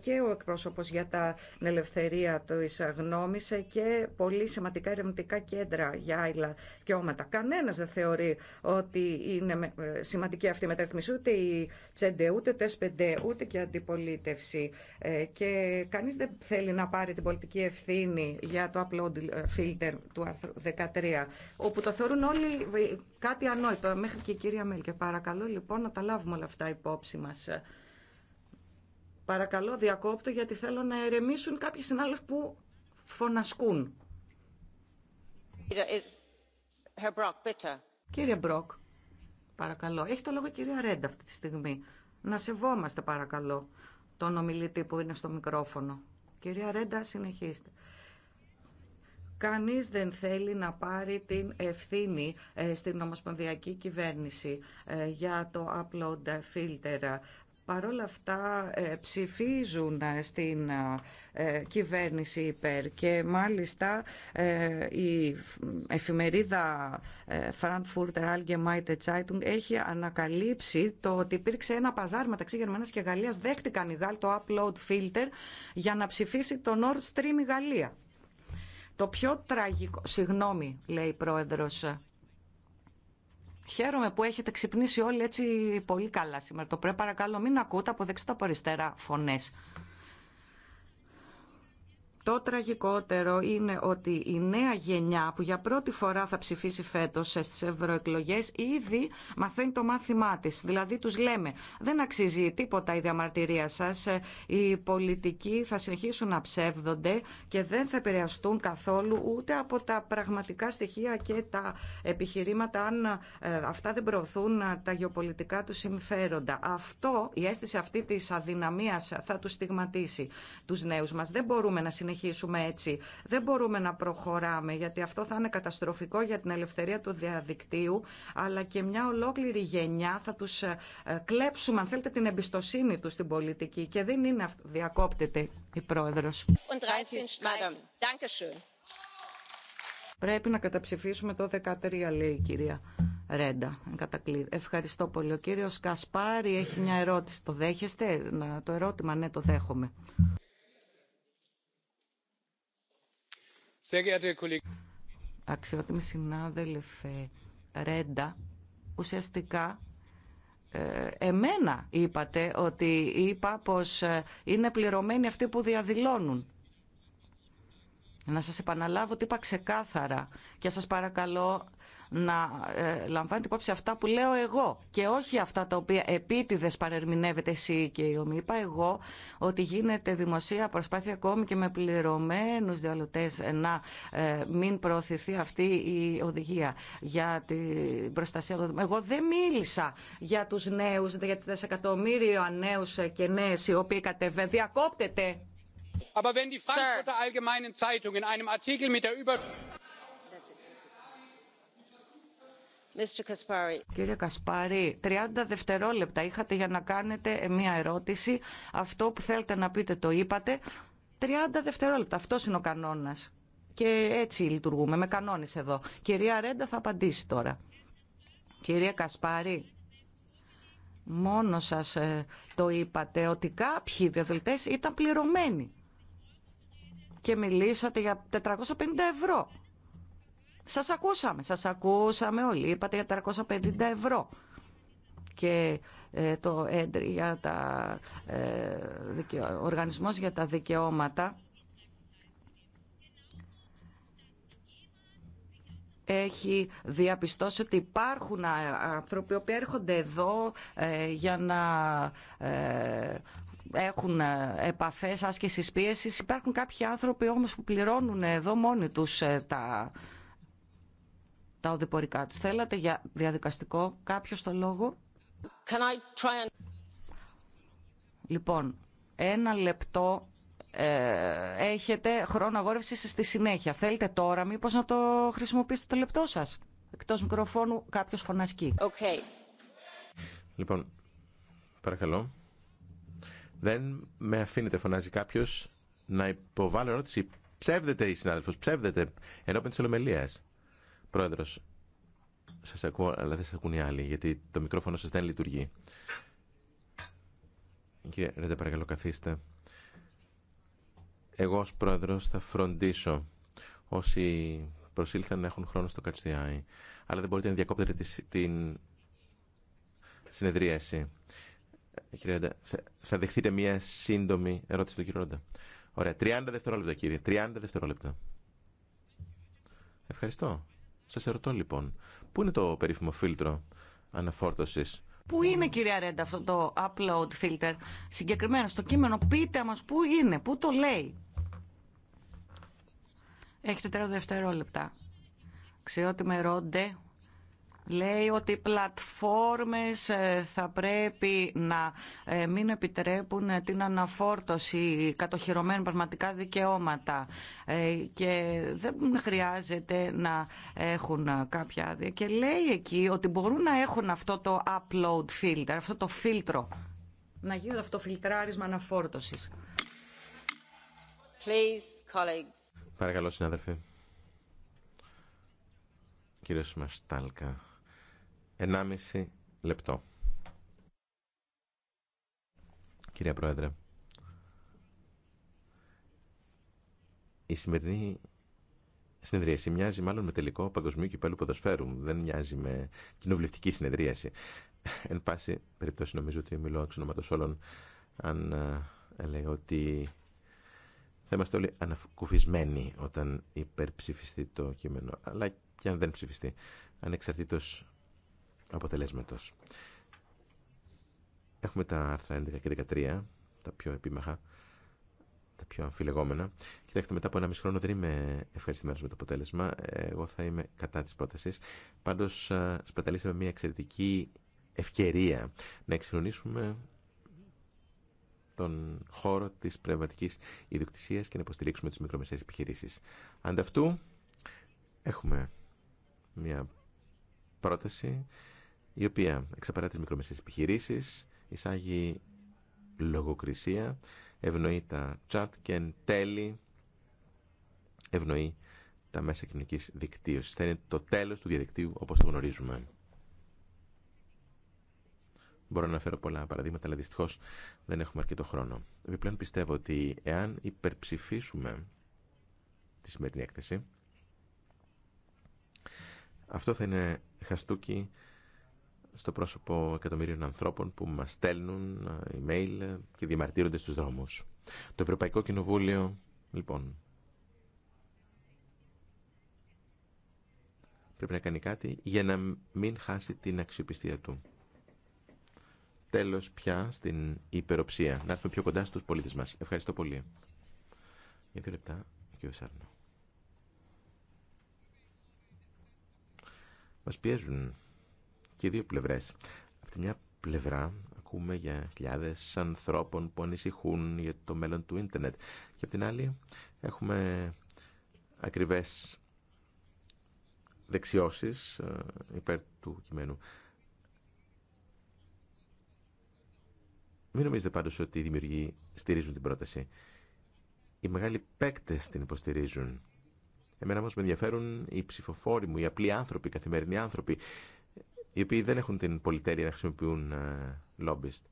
και ο εκπρόσωπος για τα ελευθερία το γνώμης και πολύ σημαντικά ερευνητικά κέντρα για άλλα Όματα. Κανένας δεν θεωρεί ότι είναι σημαντική αυτή η μεταρρυθμίση τσέντε ούτε τεσπεντέ ούτε και αντιπολίτευση ε, και κανείς δεν θέλει να πάρει την πολιτική ευθύνη για το upload filter του άρθρου 13 όπου το θεωρούν όλοι κάτι ανόητο μέχρι και η κυρία Μέλκε παρακαλώ λοιπόν να τα λάβουμε όλα αυτά υπόψη μας παρακαλώ διακόπτω γιατί θέλω να ερεμήσουν κάποιοι συνάδελφοι που φωνασκούν Κύριε Μπροκ, Παρακαλώ. Έχει το λόγο η κυρία Ρέντα αυτή τη στιγμή. Να σεβόμαστε παρακαλώ τον ομιλητή που είναι στο μικρόφωνο. Κυρία Ρέντα, συνεχίστε. Κανείς δεν θέλει να πάρει την ευθύνη ε, στην ομοσπονδιακή κυβέρνηση ε, για το upload filter παρόλα αυτά ε, ψηφίζουν ε, στην ε, κυβέρνηση υπέρ και μάλιστα η εφημερίδα Frankfurter Allgemeine Zeitung έχει ανακαλύψει το ότι υπήρξε ένα παζάρ μεταξύ Γερμανίας και Γαλλίας δέχτηκαν οι Γάλλοι το upload filter για να ψηφίσει το Nord Stream η Γαλλία. Το πιο τραγικό, συγγνώμη λέει η πρόεδρος, Χαίρομαι που έχετε ξυπνήσει όλοι έτσι πολύ καλά σήμερα. Το πρέπει παρακαλώ μην ακούτε από δεξιά από αριστερά φωνές. Το τραγικότερο είναι ότι η νέα γενιά που για πρώτη φορά θα ψηφίσει φέτος στις ευρωεκλογές ήδη μαθαίνει το μάθημά της. Δηλαδή τους λέμε δεν αξίζει τίποτα η διαμαρτυρία σας, οι πολιτικοί θα συνεχίσουν να ψεύδονται και δεν θα επηρεαστούν καθόλου ούτε από τα πραγματικά στοιχεία και τα επιχειρήματα αν ε, αυτά δεν προωθούν τα γεωπολιτικά του συμφέροντα. Αυτό, η αίσθηση αυτή της αδυναμίας θα τους στιγματίσει τους νέους μας. Δεν μπορούμε να συνεχίσουμε έτσι. Δεν μπορούμε να προχωράμε γιατί αυτό θα είναι καταστροφικό για την ελευθερία του διαδικτύου αλλά και μια ολόκληρη γενιά θα τους ε, κλέψουμε αν θέλετε την εμπιστοσύνη τους στην πολιτική και δεν είναι αυτό. Διακόπτεται η πρόεδρος. Πρέπει να καταψηφίσουμε το 13 λέει η κυρία. Ρέντα. Ευχαριστώ πολύ. Ο κύριος Κασπάρη έχει μια ερώτηση. Το δέχεστε? Το ερώτημα ναι το δέχομαι. Αξιότιμη συνάδελφε Ρέντα, ουσιαστικά ε, εμένα είπατε ότι είπα πως ε, είναι πληρωμένοι αυτοί που διαδηλώνουν. Να σας επαναλάβω ότι είπα ξεκάθαρα και σας παρακαλώ να ε, λαμβάνετε υπόψη αυτά που λέω εγώ και όχι αυτά τα οποία επίτηδες παρερμηνεύετε εσύ και η Είπα Εγώ ότι γίνεται δημοσία προσπάθεια ακόμη και με πληρωμένους διαλωτές να ε, μην προωθηθεί αυτή η οδηγία για την προστασία των Εγώ δεν μίλησα για τους νέους, για τις δισεκατομμύρια νέους και νέες οι οποίοι κατεβαίνουν. Διακόπτεται. Κύριε Κασπάρη, 30 δευτερόλεπτα είχατε για να κάνετε ε, μία ερώτηση. Αυτό που θέλετε να πείτε το είπατε. 30 δευτερόλεπτα. Αυτό είναι ο κανόνα. Και έτσι λειτουργούμε, με κανόνε εδώ. Κυρία Ρέντα θα απαντήσει τώρα. Κυρία Κασπάρη, μόνο σας ε, το είπατε ότι κάποιοι διαδηλωτές ήταν πληρωμένοι και μιλήσατε για 450 ευρώ. Σα ακούσαμε, σα ακούσαμε όλοι, είπατε για 350 ευρώ και ε, το έντρι για τα, ε, ο οργανισμός για τα δικαιώματα έχει διαπιστώσει ότι υπάρχουν άνθρωποι που έρχονται εδώ ε, για να έχουν επαφές άσκησης πίεσης. Υπάρχουν κάποιοι άνθρωποι όμως που πληρώνουν εδώ μόνοι τους τα τα οδηπορικά του. Θέλατε για διαδικαστικό κάποιο το λόγο. Λοιπόν, ένα λεπτό ε, έχετε χρόνο αγόρευση στη συνέχεια. Θέλετε τώρα μήπως να το χρησιμοποιήσετε το λεπτό σας. Εκτός μικροφώνου κάποιος φωνασκεί. Okay. Λοιπόν, παρακαλώ. Δεν με αφήνετε, φωνάζει κάποιος να υποβάλω ερώτηση. Ψεύδεται η συνάδελφος, ψεύδεται Ενώπιν της ολομελίας. Πρόεδρο, σα ακούω, αλλά δεν σα ακούν οι άλλοι, γιατί το μικρόφωνο σα δεν λειτουργεί. Κύριε Ρέντε, παρακαλώ, καθίστε. Εγώ ω πρόεδρο, θα φροντίσω όσοι προσήλθαν να έχουν χρόνο στο ΚΑΤΣΤΙΑΗ, Αλλά δεν μπορείτε να διακόπτετε την συνεδρίαση. Κύριε Ρέντα, θα δεχτείτε μία σύντομη ερώτηση του κύριου Ρέντε. Ωραία, 30 δευτερόλεπτα κύριε, 30 δευτερόλεπτα. Ευχαριστώ. Σας ερωτώ λοιπόν, πού είναι το περίφημο φίλτρο αναφόρτωσης Πού είναι κυρία Ρέντα αυτό το upload filter συγκεκριμένα στο κείμενο πείτε μας πού είναι, πού το λέει. Έχετε 30 δευτερόλεπτα. ότι με ρόντε, Λέει ότι οι πλατφόρμες ε, θα πρέπει να ε, μην επιτρέπουν ε, την αναφόρτωση κατοχυρωμένων πραγματικά δικαιώματα και δεν χρειάζεται να έχουν κάποια άδεια. Και λέει εκεί ότι μπορούν να έχουν αυτό το upload filter, αυτό το φίλτρο, να γίνει αυτό το φιλτράρισμα αναφόρτωσης. Please, colleagues. Παρακαλώ, συνάδελφοι. Κύριε Σμαστάλκα. 1,5 λεπτό. Κύριε Πρόεδρε, η σημερινή συνεδρίαση μοιάζει μάλλον με τελικό παγκοσμίου κυπέλου ποδοσφαίρου. Δεν μοιάζει με κοινοβουλευτική συνεδρίαση. Εν πάση περιπτώσει, νομίζω ότι μιλώ εξ όλων. Αν ε, λέω ότι θα είμαστε όλοι ανακουφισμένοι όταν υπερψηφιστεί το κείμενο. Αλλά και αν δεν ψηφιστεί, ανεξαρτήτως αποτελέσματος. Έχουμε τα άρθρα 11 και 13, τα πιο επίμαχα, τα πιο αμφιλεγόμενα. Κοιτάξτε, μετά από ένα μισό χρόνο δεν είμαι ευχαριστημένο με το αποτέλεσμα. Εγώ θα είμαι κατά τη πρόταση. Πάντω, σπαταλήσαμε μια εξαιρετική ευκαιρία να εξυγχρονίσουμε τον χώρο της πνευματική ιδιοκτησίας και να υποστηρίξουμε τις μικρομεσαίες επιχειρήσεις. Ανταυτού, έχουμε μια πρόταση η οποία εξαπαρά τις μικρομεσαίες επιχειρήσεις, εισάγει λογοκρισία, ευνοεί τα chat και εν τέλει ευνοεί τα μέσα κοινωνικής δικτύωσης. Θα είναι το τέλος του διαδικτύου όπως το γνωρίζουμε. Μπορώ να αναφέρω πολλά παραδείγματα, αλλά δυστυχώ δεν έχουμε αρκετό χρόνο. Επιπλέον πιστεύω ότι εάν υπερψηφίσουμε τη σημερινή έκθεση, αυτό θα είναι χαστούκι στο πρόσωπο εκατομμύριων ανθρώπων που μας στέλνουν ε, email ε, και διαμαρτύρονται στους δρόμους. Το Ευρωπαϊκό Κοινοβούλιο, λοιπόν, πρέπει να κάνει κάτι για να μην χάσει την αξιοπιστία του. Τέλος πια στην υπεροψία. Να έρθουμε πιο κοντά στους πολίτες μας. Ευχαριστώ πολύ. Για δύο λεπτά, Μας πιέζουν και δύο πλευρέ. Από τη μια πλευρά ακούμε για χιλιάδε ανθρώπων που ανησυχούν για το μέλλον του ίντερνετ και από την άλλη έχουμε ακριβέ δεξιώσει ε, υπέρ του κειμένου. Μην νομίζετε πάντως ότι οι δημιουργοί στηρίζουν την πρόταση. Οι μεγάλοι παίκτες την υποστηρίζουν. Εμένα όμως με ενδιαφέρουν οι ψηφοφόροι μου, οι απλοί άνθρωποι, οι καθημερινοί άνθρωποι οι οποίοι δεν έχουν την πολυτέλεια να χρησιμοποιούν λόμπιστ. Ε,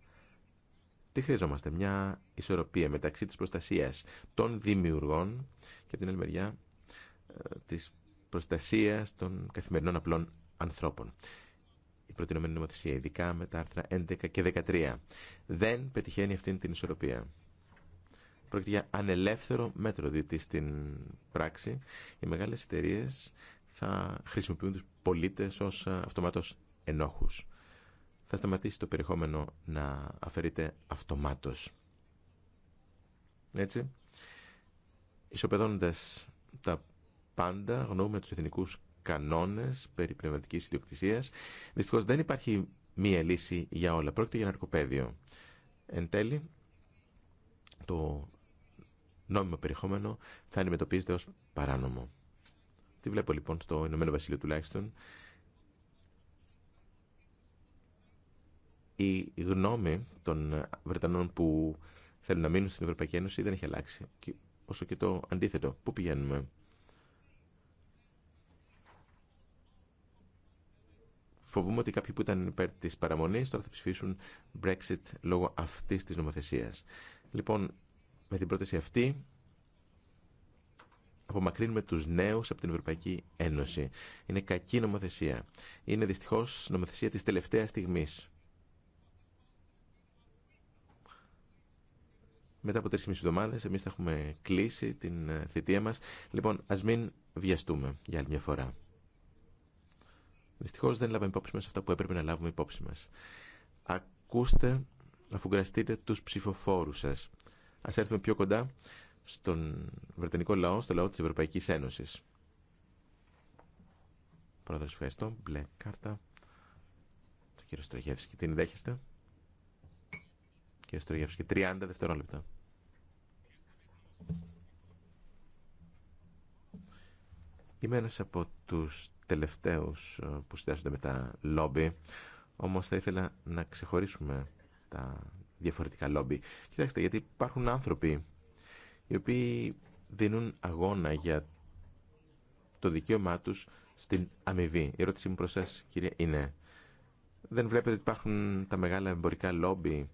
Τι χρειαζόμαστε, μια ισορροπία μεταξύ της προστασίας των δημιουργών και από την άλλη μεριά ε, της προστασίας των καθημερινών απλών ανθρώπων. Η προτινόμενη νομοθεσία, ειδικά με τα άρθρα 11 και 13, δεν πετυχαίνει αυτήν την ισορροπία. Πρόκειται για ανελεύθερο μέτρο, διότι στην πράξη οι μεγάλες εταιρείε θα χρησιμοποιούν τους πολίτες ως ε, αυτομάτως ενόχους. Θα σταματήσει το περιεχόμενο να αφαιρείται αυτομάτως. Έτσι, ισοπεδώνοντας τα πάντα, γνώμη τους εθνικούς κανόνες περί πνευματικής ιδιοκτησίας. Δυστυχώς δεν υπάρχει μία λύση για όλα. Πρόκειται για ναρκοπαίδιο. Εν τέλει, το νόμιμο περιεχόμενο θα αντιμετωπίζεται ως παράνομο. Τι βλέπω λοιπόν στο Ηνωμένο Βασίλειο τουλάχιστον, η γνώμη των ε, Βρετανών που θέλουν να μείνουν στην Ευρωπαϊκή Ένωση δεν έχει αλλάξει. όσο και το αντίθετο. Πού πηγαίνουμε. Φοβούμαι ότι κάποιοι που ήταν υπέρ τη παραμονή τώρα θα ψηφίσουν Brexit λόγω αυτής της νομοθεσίας. Λοιπόν, με την πρόταση αυτή απομακρύνουμε τους νέους από την Ευρωπαϊκή Ένωση. Είναι κακή νομοθεσία. Είναι δυστυχώς νομοθεσία της τελευταίας στιγμής. Μετά από μισή εβδομάδε εμεί θα έχουμε κλείσει την ε, θητεία μα. Λοιπόν, α μην βιαστούμε για άλλη μια φορά. Δυστυχώ δεν λάβαμε υπόψη μα αυτά που έπρεπε να λάβουμε υπόψη μα. Ακούστε, αφουγκραστείτε του ψηφοφόρου σα. Α έρθουμε πιο κοντά στον Βρετανικό λαό, στο λαό τη Ευρωπαϊκή Ένωση. Πρόεδρος, ευχαριστώ. Μπλε κάρτα. Το κύριο Στρογεύσκη, την δέχεστε. Κύριε Στρογεύσκη, 30 δευτερόλεπτα. Είμαι ένας από τους τελευταίους ε, που στέσονται με τα λόμπι, όμως θα ήθελα να ξεχωρίσουμε τα διαφορετικά λόμπι. Κοιτάξτε, γιατί υπάρχουν άνθρωποι οι οποίοι δίνουν αγώνα για το δικαίωμά τους στην αμοιβή. Η ερώτησή μου προς σας, κυρία, είναι δεν βλέπετε ότι υπάρχουν τα μεγάλα εμπορικά λόμπι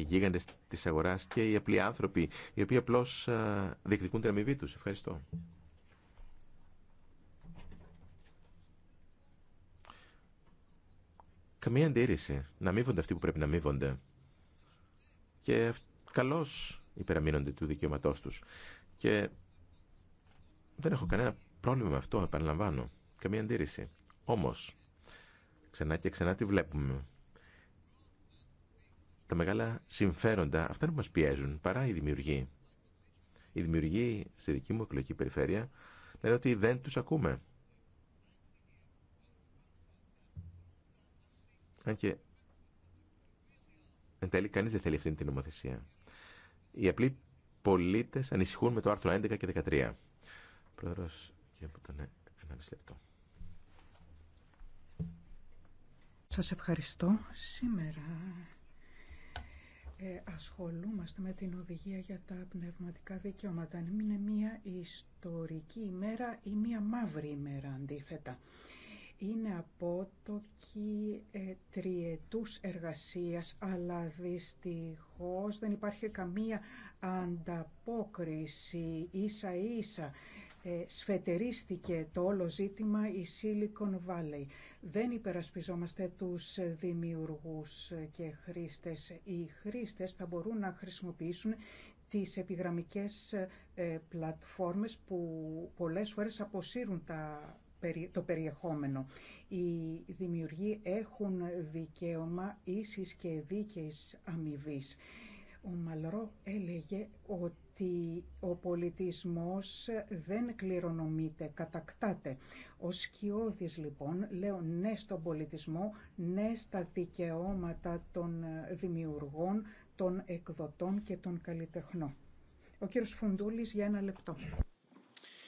οι γίγαντες της αγοράς και οι απλοί άνθρωποι, οι οποίοι απλώς διεκδικούν την αμοιβή τους. Ευχαριστώ. Καμία αντίρρηση να αμείβονται αυτοί που πρέπει να αμείβονται. Και καλώς υπεραμείνονται του δικαιώματός τους. Και δεν έχω κανένα πρόβλημα με αυτό, επαναλαμβάνω. Καμία αντίρρηση. Όμως, ξανά και ξανά τη βλέπουμε τα μεγάλα συμφέροντα, αυτά που μας πιέζουν, παρά οι δημιουργοί. Οι δημιουργοί στη δική μου εκλογική περιφέρεια λένε ότι δεν του ακούμε. Αν και εν τέλει κανείς δεν θέλει αυτή την νομοθεσία. Οι απλοί πολίτες ανησυχούν με το άρθρο 11 και 13. Πρόεδρο, και από τον λεπτό. Σας ευχαριστώ. Σήμερα ε, ασχολούμαστε με την οδηγία για τα πνευματικά δικαιώματα. Είναι μία ιστορική ημέρα ή μία μαύρη ημέρα αντίθετα. Είναι απότοκη ε, τριετούς εργασίας, αλλά δυστυχώς δεν υπάρχει καμία ανταπόκριση ίσα ίσα ε, σφετερίστηκε το όλο ζήτημα η Silicon Valley. Δεν υπερασπιζόμαστε τους δημιουργούς και χρήστες. Οι χρήστες θα μπορούν να χρησιμοποιήσουν τις επιγραμμικές ε, πλατφόρμες που πολλές φορές αποσύρουν τα, το περιεχόμενο. Οι δημιουργοί έχουν δικαίωμα ίσης και δίκαιης αμοιβή. Ο Μαλρό έλεγε ότι ότι ο πολιτισμός δεν κληρονομείται, κατακτάται. Ο Σκιώδης λοιπόν λέω ναι στον πολιτισμό, ναι στα δικαιώματα των ε, δημιουργών, των εκδοτών και των καλλιτεχνών. Ο κύριος Φουντούλης για ένα λεπτό.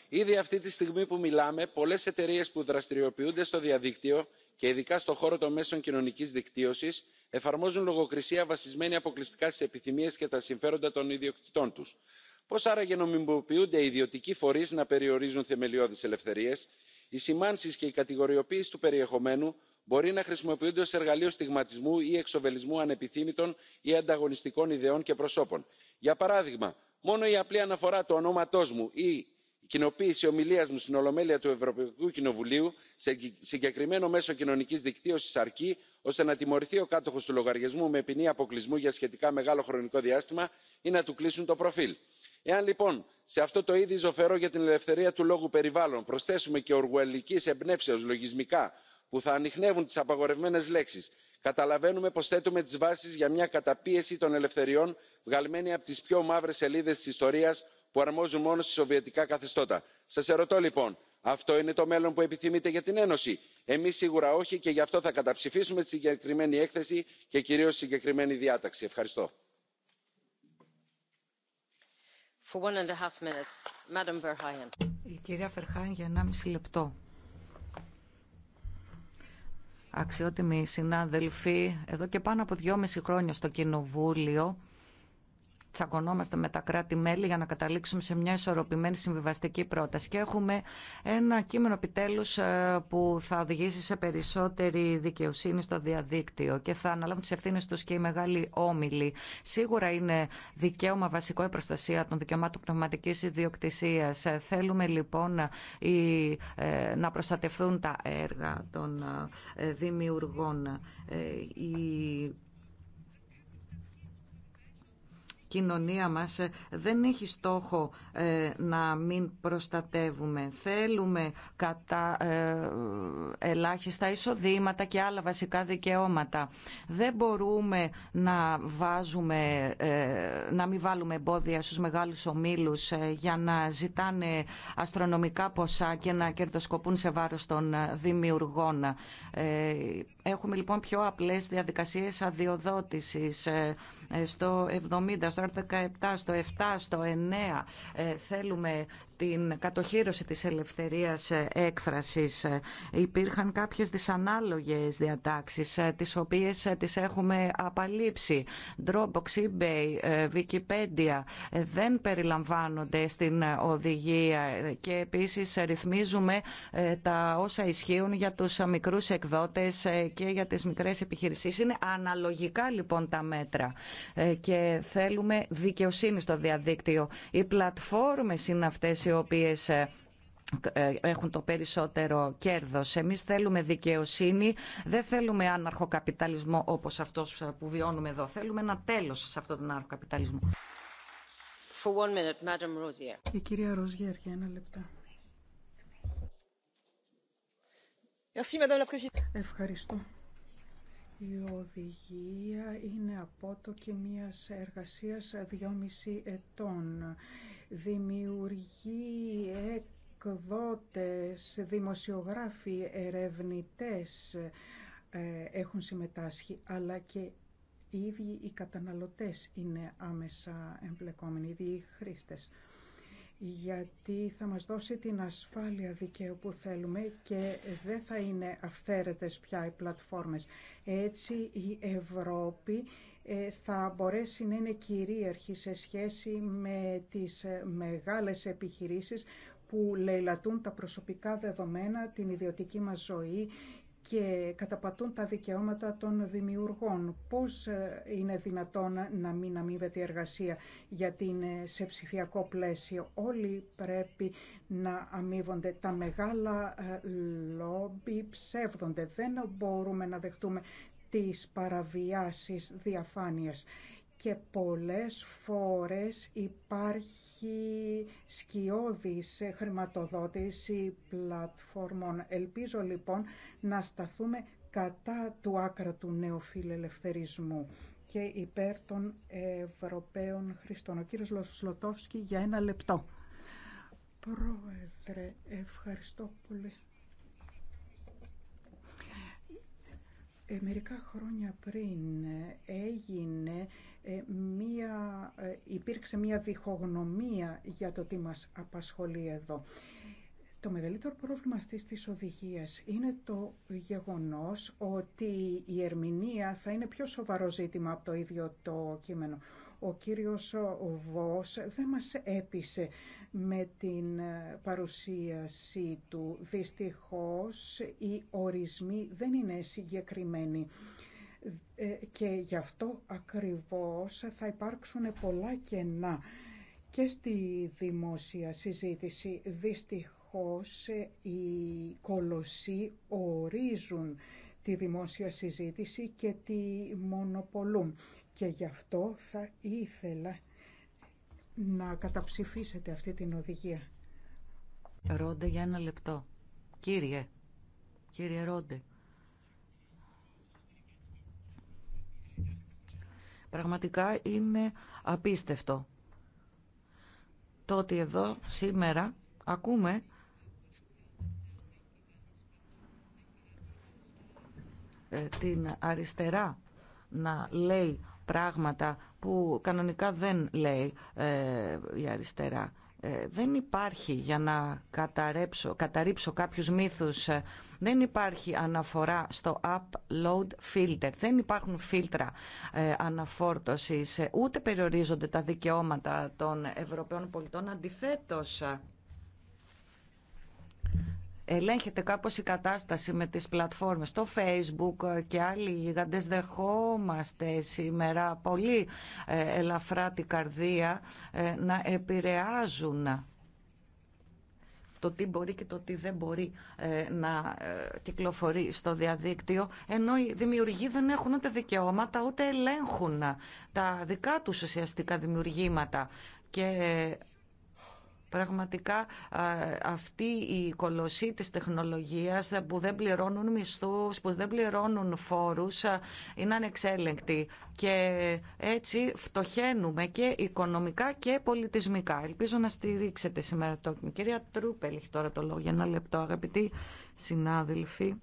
Ήδη αυτή τη στιγμή που μιλάμε, πολλές εταιρείες που δραστηριοποιούνται στο διαδίκτυο και ειδικά στον χώρο των μέσων κοινωνικής δικτύωσης εφαρμόζουν λογοκρισία βασισμένη αποκλειστικά στι επιθυμίε και τα συμφέροντα των ιδιοκτητών του. πώ άραγε νομιμοποιούνται οι ιδιωτικοί φορεί να περιορίζουν θεμελιώδει ελευθερίε; οι σημάνσει και η κατηγοριοποίηση του περιεχομένου μπορεί να χρησιμοποιούνται ω εργαλείο στιγματισμού ή εξοβελισμού ανεπιθύμητων ή ανταγωνιστικών ιδεών και προσώπων. για παράδειγμα μόνο η απλή αναφορά του ονόματό μου ή κοινοποίηση ομιλία μου στην ολομέλεια του ευρωπαϊκού κοινοβουλίου σε συγκεκριμένο μέσο κοινωνική δικτύωση, αρκεί ώστε να τιμωρηθεί ο κάτοχος του λογαριασμού με ποινή αποκλεισμού για σχετικά μεγάλο χρονικό διάστημα ή να του κλείσουν το προφίλ. εάν λοιπόν σε αυτό το ήδη ζωφερό για την ελευθερία του λόγου περιβάλλον προσθέσουμε και ορουελικής εμπνεύσεω λογισμικά που θα ανοιχνεύουν τι απαγορευμένε λέξει. καταλαβαίνουμε πω θέτουμε τι βάσει για μια καταπίεση των ελευθεριών βγαλμένη από τι πιο μαύρες σελίδες της ιστορίας που αρμόζουν μόνο σε σοβιετικά καθεστώτα. σας ερωτώ λοιπόν αυτό είναι το μέλλον που επιθυμείτε για την ένωση; εμείς σίγουρα όχι και γι' αυτό θα καταψηφίσουμε τη συγκεκριμένη έκθεση και κυρίως τη συγκεκριμένη διάταξη. ευχαριστώ. Η κυρία Φερχάιν για 1,5 λεπτό. Αξιότιμοι συνάδελφοι, εδώ και πάνω από δυόμιση χρόνια στο Κοινοβούλιο τσακωνόμαστε με τα κράτη-μέλη για να καταλήξουμε σε μια ισορροπημένη συμβιβαστική πρόταση. Και έχουμε ένα κείμενο επιτέλου ε, που θα οδηγήσει σε περισσότερη δικαιοσύνη στο διαδίκτυο και θα αναλάβουν τι ευθύνε του και οι μεγάλοι όμιλοι. Σίγουρα είναι δικαίωμα βασικό η προστασία των δικαιωμάτων πνευματική ιδιοκτησία. Ε, θέλουμε λοιπόν ε, να προστατευτούν τα έργα των δημιουργών κοινωνία μας ε, δεν έχει στόχο ε, να μην προστατεύουμε. Θέλουμε κατά ε, ελάχιστα εισοδήματα και άλλα βασικά δικαιώματα. Δεν μπορούμε να βάζουμε, να μην βάλουμε εμπόδια στους μεγάλους ομίλους για να ζητάνε αστρονομικά ποσά και να κερδοσκοπούν σε βάρος των δημιουργών. Έχουμε λοιπόν πιο απλές διαδικασίες αδειοδότησης ε, ε, στο 70, στο 17, στο 7, στο 9. Ε, θέλουμε την κατοχήρωση της ελευθερίας έκφρασης. Υπήρχαν κάποιες δυσανάλογες διατάξεις, ε, τις οποίες ε, τις έχουμε απαλείψει. Dropbox, eBay, ε, Wikipedia δεν περιλαμβάνονται στην οδηγία και επίσης ρυθμίζουμε τα όσα ισχύουν για τους μικρούς εκδότες και για τις μικρές επιχειρήσεις. Είναι αναλογικά λοιπόν τα μέτρα και θέλουμε δικαιοσύνη στο διαδίκτυο. Οι πλατφόρμες είναι αυτές οι οποίες ε, ε, έχουν το περισσότερο κέρδος. Εμείς θέλουμε δικαιοσύνη, δεν θέλουμε άναρχο καπιταλισμό όπως αυτός που βιώνουμε εδώ. Θέλουμε ένα τέλος σε αυτόν τον άναρχο καπιταλισμό. For one minute, Madam Η κυρία Ροζιέρ για ένα λεπτά. Ευχαριστώ. Η οδηγία είναι απότοκη μια εργασίας δυόμιση ετών δημιουργεί εκδότες, δημοσιογράφοι, ερευνητές ε, έχουν συμμετάσχει, αλλά και οι ίδιοι οι καταναλωτές είναι άμεσα εμπλεκόμενοι, οι ίδιοι οι χρήστες γιατί θα μας δώσει την ασφάλεια δικαίου που θέλουμε και δεν θα είναι αυθαίρετες πια οι πλατφόρμες. Έτσι η Ευρώπη ε, θα μπορέσει να είναι κυρίαρχη σε σχέση με τις ε, μεγάλες επιχειρήσεις που λαιλατούν τα προσωπικά δεδομένα, την ιδιωτική μας ζωή και καταπατούν τα δικαιώματα των δημιουργών. Πώς ε, είναι δυνατόν να μην αμείβεται η εργασία γιατί είναι σε ψηφιακό πλαίσιο. Όλοι πρέπει να αμείβονται. Τα μεγάλα ε, λόμπι ψεύδονται. Δεν μπορούμε να δεχτούμε τις παραβιάσεις διαφάνειας και πολλές φορές υπάρχει σκιώδης χρηματοδότηση πλατφόρμων. Ελπίζω λοιπόν να σταθούμε κατά του άκρα του νεοφιλελευθερισμού και υπέρ των Ευρωπαίων Χριστών. Ο κύριος Λοσλοτόφσκι για ένα λεπτό. Πρόεδρε, ευχαριστώ πολύ. Ε, μερικά χρόνια πριν ε, έγινε ε, μία, υπήρξε μία διχογνωμία για το τι μας απασχολεί εδώ. Το μεγαλύτερο πρόβλημα αυτής της οδηγίας είναι το γεγονός ότι η ερμηνεία θα είναι πιο σοβαρό ζήτημα από το ίδιο το κείμενο. Ο κύριος Βος δεν μας έπεισε με την ε, παρουσίασή του. Δυστυχώς οι ορισμοί δεν είναι συγκεκριμένοι ε, και γι' αυτό ακριβώς θα υπάρξουν πολλά κενά και στη δημόσια συζήτηση. Δυστυχώς ε, οι κολοσσοί ορίζουν τη δημόσια συζήτηση και τη μονοπολούν. Και γι' αυτό θα ήθελα να καταψηφίσετε αυτή την οδηγία. Ρόντε για ένα λεπτό. Κύριε, κύριε Ρόντε. Πραγματικά είναι απίστευτο το ότι εδώ σήμερα ακούμε ε, την αριστερά να λέει πράγματα που κανονικά δεν λέει ε, η αριστερά. Ε, δεν υπάρχει για να καταρρύψω, καταρρύψω κάποιους μύθους ε, δεν υπάρχει αναφορά στο upload filter δεν υπάρχουν φίλτρα ε, ε ούτε περιορίζονται τα δικαιώματα των Ευρωπαίων πολιτών αντιθέτως ελέγχεται κάπως η κατάσταση με τις πλατφόρμες το facebook και άλλοι γιγαντές δεχόμαστε σήμερα πολύ ε, ελαφρά την καρδία ε, να επηρεάζουν το τι μπορεί και το τι δεν μπορεί ε, να κυκλοφορεί στο διαδίκτυο, ενώ οι δημιουργοί δεν έχουν ούτε δικαιώματα, ούτε ελέγχουν τα δικά τους ουσιαστικά δημιουργήματα. Και Πραγματικά αυτή η κολοσσοί της τεχνολογίας που δεν πληρώνουν μισθούς, που δεν πληρώνουν φόρους, είναι ανεξέλεγκτη. Και έτσι φτωχαίνουμε και οικονομικά και πολιτισμικά. Ελπίζω να στηρίξετε σήμερα το... Κυρία Τρούπελ έχει τώρα το λόγο για ένα λεπτό, αγαπητοί συνάδελφοι.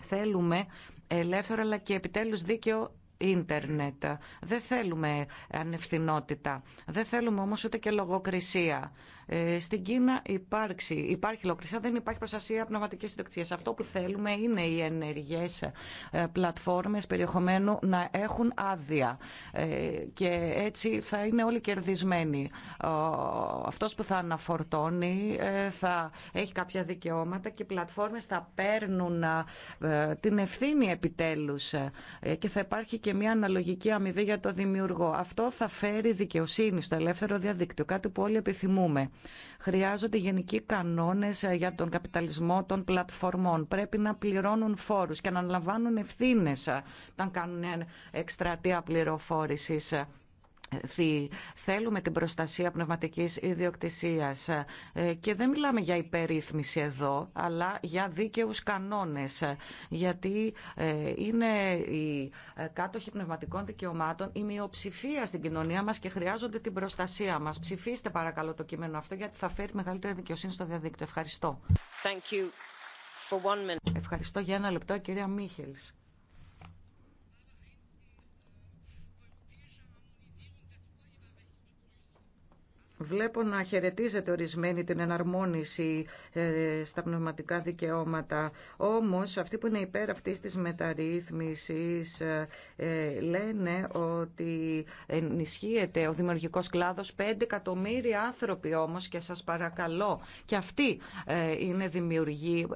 Θέλουμε ελεύθερο αλλά και επιτέλους δίκαιο ίντερνετ. Δεν θέλουμε ανευθυνότητα. Δεν θέλουμε όμως ούτε και λογοκρισία. Ε, στην Κίνα υπάρξει, υπάρχει λοκρισία, δεν υπάρχει προστασία πνευματική συντοξία. Αυτό που θέλουμε είναι οι ενεργέ ε, πλατφόρμε περιεχομένου να έχουν άδεια. Ε, και έτσι θα είναι όλοι κερδισμένοι. Αυτό που θα αναφορτώνει θα έχει κάποια δικαιώματα και οι πλατφόρμε θα παίρνουν την ευθύνη επιτέλου και θα υπάρχει και μια αναλογική αμοιβή για το δημιουργό. Αυτό θα φέρει δικαιοσύνη στο ελεύθερο διαδίκτυο, κάτι που όλοι επιθυμούμε. Χρειάζονται γενικοί κανόνε ε, για τον καπιταλισμό των πλατφορμών. Πρέπει να πληρώνουν φόρου και να λαμβάνουν ευθύνε ε, όταν κάνουν εκστρατεία πληροφόρηση. Θέλουμε την προστασία πνευματικής ιδιοκτησίας ε, και δεν μιλάμε για υπερρύθμιση εδώ, αλλά για δίκαιους κανόνες, γιατί ε, είναι οι ε, κάτοχοι πνευματικών δικαιωμάτων η μειοψηφία στην κοινωνία μας και χρειάζονται την προστασία μας. Ψηφίστε παρακαλώ το κείμενο αυτό, γιατί θα φέρει μεγαλύτερη δικαιοσύνη στο διαδίκτυο. Ευχαριστώ. Ευχαριστώ για ένα λεπτό, κυρία Μίχελς. Βλέπω να χαιρετίζεται ορισμένη την εναρμόνιση ε, στα πνευματικά δικαιώματα. Όμως αυτοί που είναι υπέρ αυτής της μεταρρύθμισης ε, ε, λένε ότι ενισχύεται ο δημιουργικός κλάδος. 5 εκατομμύρια άνθρωποι όμως και σας παρακαλώ και αυτοί είναι δημιουργοί,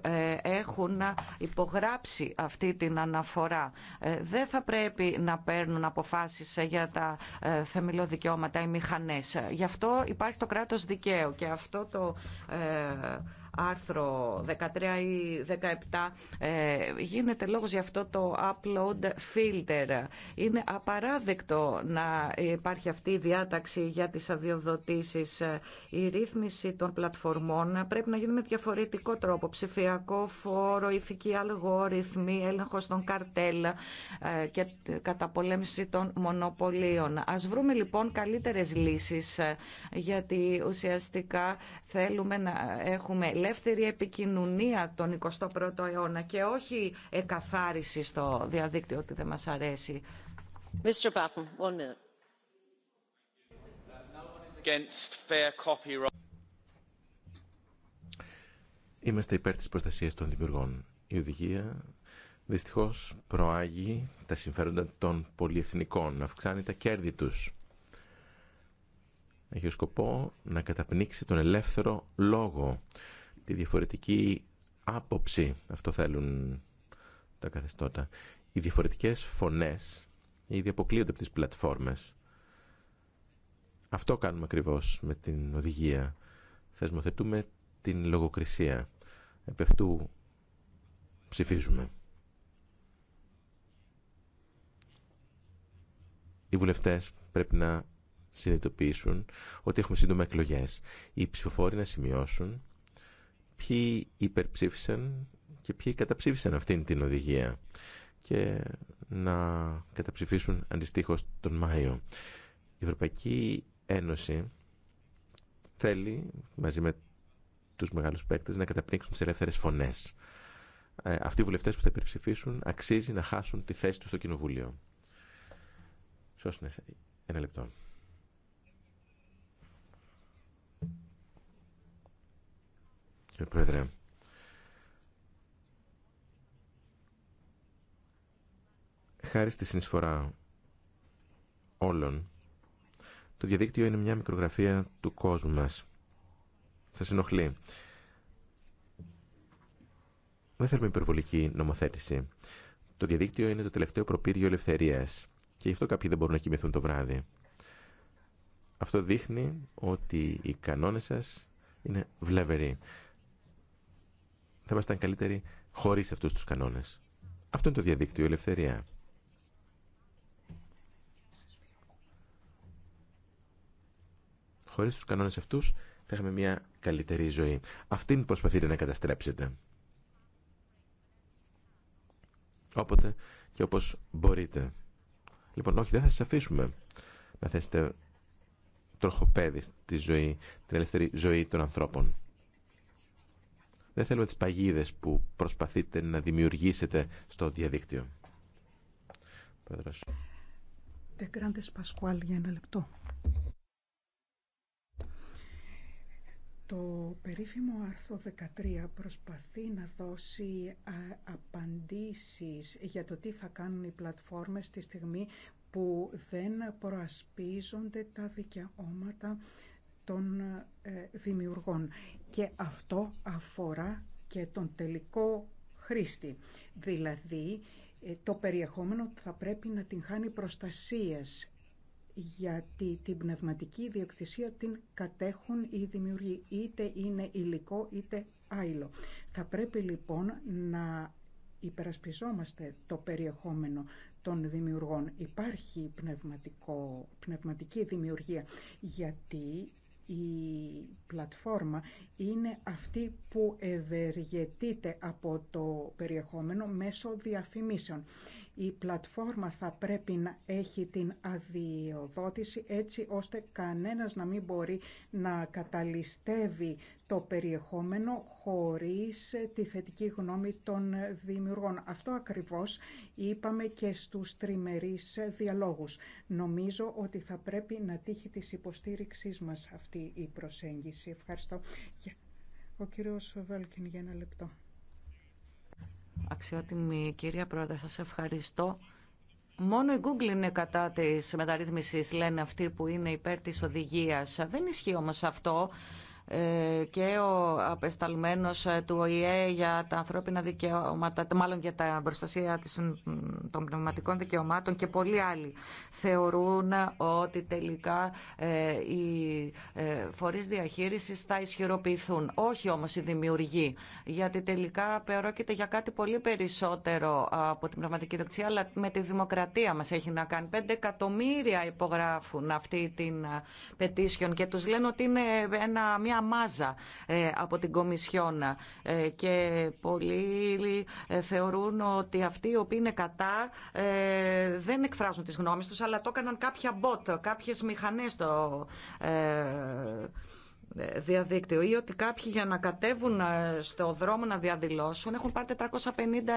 έχουν υπογράψει αυτή την αναφορά. Δεν θα πρέπει να παίρνουν αποφάσεις για τα θεμελιώδη δικαιώματα οι μηχανές. Γι' αυτό υπάρχει το κράτος δικαίου και αυτό το ε, άρθρο 13 ή 17 ε, γίνεται λόγος για αυτό το upload filter. Είναι απαράδεκτο να υπάρχει αυτή η διάταξη για τις αδειοδοτήσεις. Η ρύθμιση των πλατφορμών πρέπει να γίνει με διαφορετικό τρόπο. Ψηφιακό φόρο, ηθική αλγόριθμη, έλεγχος των καρτέλ ε, και καταπολέμηση των μονοπωλίων. Ας βρούμε λοιπόν καλύτερες λύσεις ε, γιατί ουσιαστικά θέλουμε να έχουμε ελεύθερη επικοινωνία τον 21ο αιώνα και όχι εκαθάριση στο διαδίκτυο ότι δεν μας αρέσει. Mr. one Είμαστε υπέρ της προστασίας των δημιουργών. Η οδηγία δυστυχώς προάγει τα συμφέροντα των πολυεθνικών, αυξάνει τα κέρδη τους. Έχει σκοπό να καταπνίξει τον ελεύθερο λόγο, τη διαφορετική άποψη. Αυτό θέλουν τα καθεστώτα. Οι διαφορετικές φωνές ήδη αποκλείονται από τις πλατφόρμες. Αυτό κάνουμε ακριβώς με την οδηγία. Θεσμοθετούμε την λογοκρισία. Επ' αυτού ψηφίζουμε. Οι βουλευτές πρέπει να συνειδητοποιήσουν ότι έχουμε σύντομα εκλογές. Οι ψηφοφόροι να σημειώσουν ποιοι υπερψήφισαν και ποιοι καταψήφισαν αυτήν την οδηγία και να καταψηφίσουν αντιστοίχως τον Μάιο. Η Ευρωπαϊκή Ένωση θέλει μαζί με τους μεγάλους παίκτες να καταπνίξουν τις ελεύθερες φωνές. Ε, αυτοί οι βουλευτές που θα υπερψηφίσουν αξίζει να χάσουν τη θέση τους στο Κοινοβούλιο. είναι ένα λεπτό. Κύριε Πρόεδρε, χάρη στη συνεισφορά όλων, το διαδίκτυο είναι μια μικρογραφία του κόσμου μας. Σα συνοχλεί. Δεν θέλουμε υπερβολική νομοθέτηση. Το διαδίκτυο είναι το τελευταίο προπύργιο ελευθερίας και γι' αυτό κάποιοι δεν μπορούν να κοιμηθούν το βράδυ. Αυτό δείχνει ότι οι κανόνες σας είναι βλαβεροί θα ήμασταν καλύτεροι χωρί αυτού του κανόνε. Αυτό είναι το διαδίκτυο, η ελευθερία. Χωρί του κανόνε αυτού θα είχαμε μια καλύτερη ζωή. Αυτήν προσπαθείτε να καταστρέψετε. Όποτε και όπω μπορείτε. Λοιπόν, όχι, δεν θα σα αφήσουμε να θέσετε τροχοπέδι στη ζωή, την ελεύθερη ζωή των ανθρώπων. Δεν θέλουμε τις παγίδες που προσπαθείτε να δημιουργήσετε στο διαδίκτυο. Δεν Grandes Πασκουάλ για ένα λεπτό. Το περίφημο άρθρο 13 προσπαθεί να δώσει απαντήσεις για το τι θα κάνουν οι πλατφόρμες τη στιγμή που δεν προασπίζονται τα δικαιώματα των ε, δημιουργών. Και αυτό αφορά και τον τελικό χρήστη. Δηλαδή, ε, το περιεχόμενο θα πρέπει να την χάνει προστασίες γιατί την πνευματική ιδιοκτησία την κατέχουν οι δημιουργοί, είτε είναι υλικό είτε άϊλο. Θα πρέπει λοιπόν να υπερασπιζόμαστε το περιεχόμενο των δημιουργών. Υπάρχει πνευματικό, πνευματική δημιουργία, γιατί η πλατφόρμα είναι αυτή που ευεργετείται από το περιεχόμενο μέσω διαφημίσεων η πλατφόρμα θα πρέπει να έχει την αδειοδότηση έτσι ώστε κανένας να μην μπορεί να καταλυστεύει το περιεχόμενο χωρίς τη θετική γνώμη των δημιουργών. Αυτό ακριβώς είπαμε και στους τριμερείς διαλόγους. Νομίζω ότι θα πρέπει να τύχει της υποστήριξής μας αυτή η προσέγγιση. Ευχαριστώ. Ο κύριος Βέλκιν για ένα λεπτό. Αξιότιμη κυρία Πρόεδρε, σας ευχαριστώ. Μόνο η Google είναι κατά της μεταρρύθμισης, λένε αυτοί που είναι υπέρ της οδηγίας. Δεν ισχύει όμως αυτό. Ε, και ο απεσταλμένος του ΟΗΕ για τα ανθρώπινα δικαιώματα, μάλλον για τα προστασία των πνευματικών δικαιωμάτων και πολλοί άλλοι θεωρούν ότι τελικά ε, οι ε, φορείς διαχείρισης θα ισχυροποιηθούν. Όχι όμως οι δημιουργοί, γιατί τελικά πρόκειται για κάτι πολύ περισσότερο από την πνευματική δοξία, αλλά με τη δημοκρατία μας έχει να κάνει. 5 εκατομμύρια υπογράφουν αυτή την petition και τους λένε ότι είναι ένα, μια μία μάζα ε, από την Κομισιόνα ε, και πολλοί ε, θεωρούν ότι αυτοί οι οποίοι είναι κατά δεν εκφράζουν τις γνώμες τους αλλά το έκαναν κάποια bot, κάποιες μηχανές το διαδίκτυο ή ότι κάποιοι για να κατέβουν ε, στο δρόμο να διαδηλώσουν έχουν πάρει 450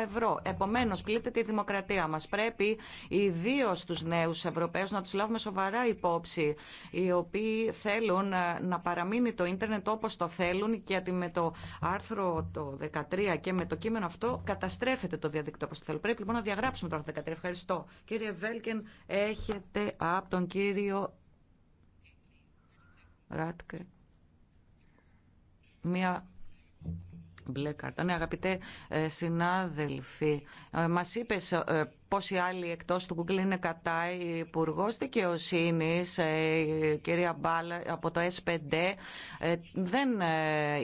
ευρώ. Επομένω, πλήττεται τη δημοκρατία μα. Πρέπει ιδίω του νέου Ευρωπαίου να του λάβουμε σοβαρά υπόψη, οι οποίοι θέλουν ε, να παραμείνει το ίντερνετ όπω το θέλουν, γιατί με το άρθρο το 13 και με το κείμενο αυτό καταστρέφεται το διαδίκτυο όπω το θέλουν. Πρέπει λοιπόν να διαγράψουμε το άρθρο 13. Ευχαριστώ. Κύριε Βέλκεν, έχετε από τον κύριο Ράτκερ μία μπλε κάρτα. Ναι, αγαπητέ ε, συνάδελφοι, ε, μας είπες ε, πόσοι άλλοι εκτό του Google είναι κατά η υπουργό δικαιοσύνη, η κυρία Μπάλα από το S5 δεν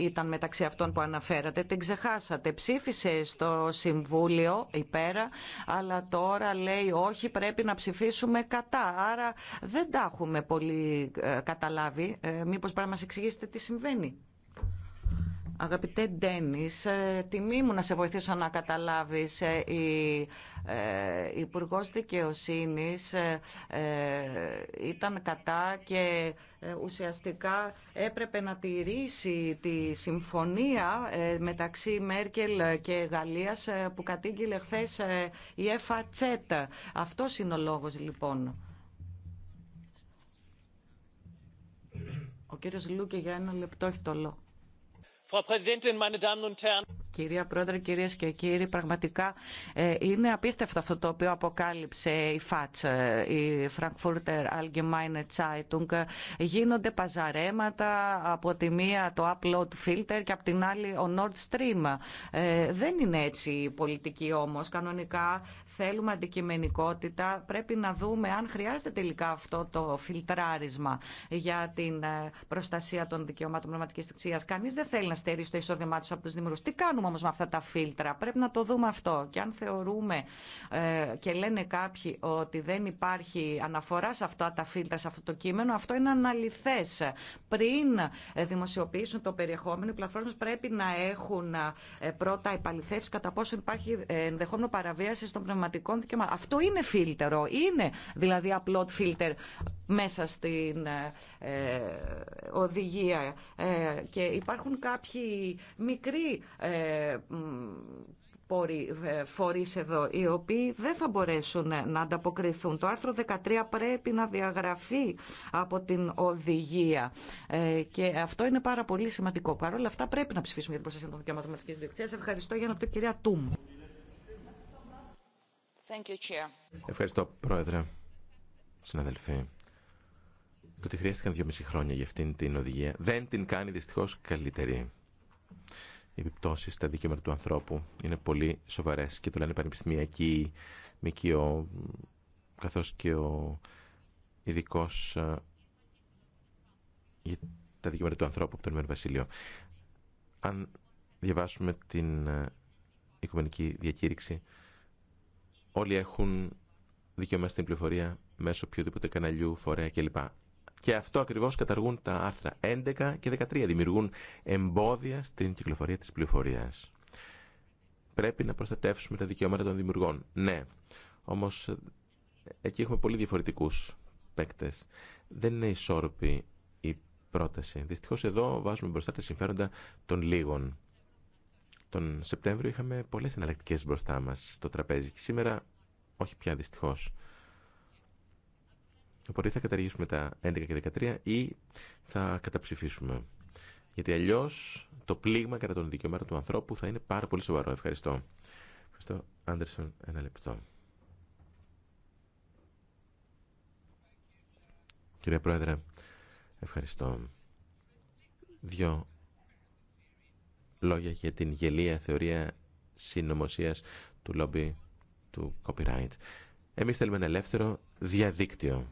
ήταν μεταξύ αυτών που αναφέρατε, την ξεχάσατε. Ψήφισε στο Συμβούλιο υπέρα, αλλά τώρα λέει όχι πρέπει να ψηφίσουμε κατά. Άρα δεν τα έχουμε πολύ καταλάβει. Μήπω πρέπει να μα εξηγήσετε τι συμβαίνει. Αγαπητέ Ντένι, ε, τιμή μου να σε βοηθήσω να καταλάβεις. Ε, η ε, υπουργό δικαιοσύνη ε, ήταν κατά και ουσιαστικά έπρεπε να τηρήσει τη συμφωνία μεταξύ Μέρκελ και Γαλλίας που κατήγγειλε χθε η ΕΦΑΤΣΕΤ. Αυτός είναι ο λόγος λοιπόν. Ο κύριος Λούκε για ένα λεπτό έχει το λόγο frau präsidentin meine damen und herren! Κυρία Πρόεδρε, κυρίες και κύριοι, πραγματικά ε, είναι απίστευτο αυτό το οποίο αποκάλυψε η ΦΑΤΣ, ε, η Frankfurter Allgemeine Zeitung. Γίνονται παζαρέματα από τη μία το upload filter και από την άλλη ο Nord Stream. Ε, δεν είναι έτσι η πολιτική όμως. Κανονικά θέλουμε αντικειμενικότητα. Πρέπει να δούμε αν χρειάζεται τελικά αυτό το φιλτράρισμα για την προστασία των δικαιωμάτων πνευματικής θυξίας. Κανείς δεν θέλει να στερεί το εισόδημά τους από τους δημιουργού. Τι κάνουμε κάνουμε όμως με αυτά τα φίλτρα. Πρέπει να το δούμε αυτό. Και αν θεωρούμε ε, και λένε κάποιοι ότι δεν υπάρχει αναφορά σε αυτά τα φίλτρα, σε αυτό το κείμενο, αυτό είναι αναλυθές. Πριν ε, δημοσιοποιήσουν το περιεχόμενο, οι πλατφόρμες πρέπει να έχουν ε, πρώτα επαληθεύσει κατά πόσο υπάρχει ενδεχόμενο παραβίαση των πνευματικών δικαιωμάτων. Αυτό είναι φίλτερο. Είναι δηλαδή απλό φίλτερ μέσα στην ε, οδηγία. Ε, και υπάρχουν κάποιοι μικροί ε, ε, Φορεί εδώ, οι οποίοι δεν θα μπορέσουν να ανταποκριθούν. Το άρθρο 13 πρέπει να διαγραφεί από την οδηγία ε, και αυτό είναι πάρα πολύ σημαντικό. Παρ' όλα αυτά πρέπει να ψηφίσουμε για την προστασία των δικαιωμάτων τη Ευχαριστώ για να την κυρία Τούμ. Ευχαριστώ, Πρόεδρε, συναδελφοί. Το ότι χρειάστηκαν δυόμιση χρόνια για αυτήν την οδηγία δεν την κάνει δυστυχώς καλύτερη οι επιπτώσει στα δικαιώματα του ανθρώπου είναι πολύ σοβαρέ και το λένε πανεπιστημιακοί, ΜΚΟ, καθώ και ο ειδικό ε, για τα δικαιώματα του ανθρώπου από τον Ηνωμένο Βασίλειο. Αν διαβάσουμε την ε, Οικουμενική Διακήρυξη, όλοι έχουν δικαίωμα στην πληροφορία μέσω οποιοδήποτε καναλιού, φορέα κλπ. Και αυτό ακριβώς καταργούν τα άρθρα 11 και 13. Δημιουργούν εμπόδια στην κυκλοφορία τη πληροφορία. Πρέπει να προστατεύσουμε τα δικαιώματα των δημιουργών. Ναι, όμως ε, εκεί έχουμε πολύ διαφορετικούς παίκτε. Δεν είναι ισόρροπη η πρόταση. Δυστυχώ, εδώ βάζουμε μπροστά τα συμφέροντα των λίγων. Τον Σεπτέμβριο είχαμε πολλέ εναλλακτικέ μπροστά μα στο τραπέζι και σήμερα όχι πια δυστυχώς. Οπότε θα καταργήσουμε τα 11 και 13 ή θα καταψηφίσουμε. Γιατί αλλιώ το πλήγμα κατά τον δικαιωμάτων του ανθρώπου θα είναι πάρα πολύ σοβαρό. Ευχαριστώ. Ευχαριστώ, Άντερσον, ένα λεπτό. Κύριε Πρόεδρε, ευχαριστώ. Δύο λόγια για την γελία θεωρία συνωμοσία του λόμπι του copyright. Εμείς θέλουμε ένα ελεύθερο διαδίκτυο.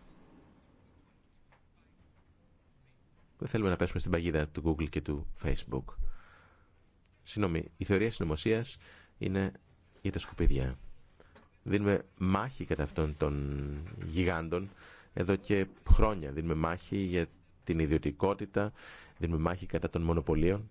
Δεν θέλουμε να πέσουμε στην παγίδα του Google και του Facebook. Συγγνώμη, η θεωρία συνωμοσία είναι για τα σκουπίδια. Δίνουμε μάχη κατά αυτών των γιγάντων εδώ και χρόνια. Δίνουμε μάχη για την ιδιωτικότητα, δίνουμε μάχη κατά των μονοπωλίων.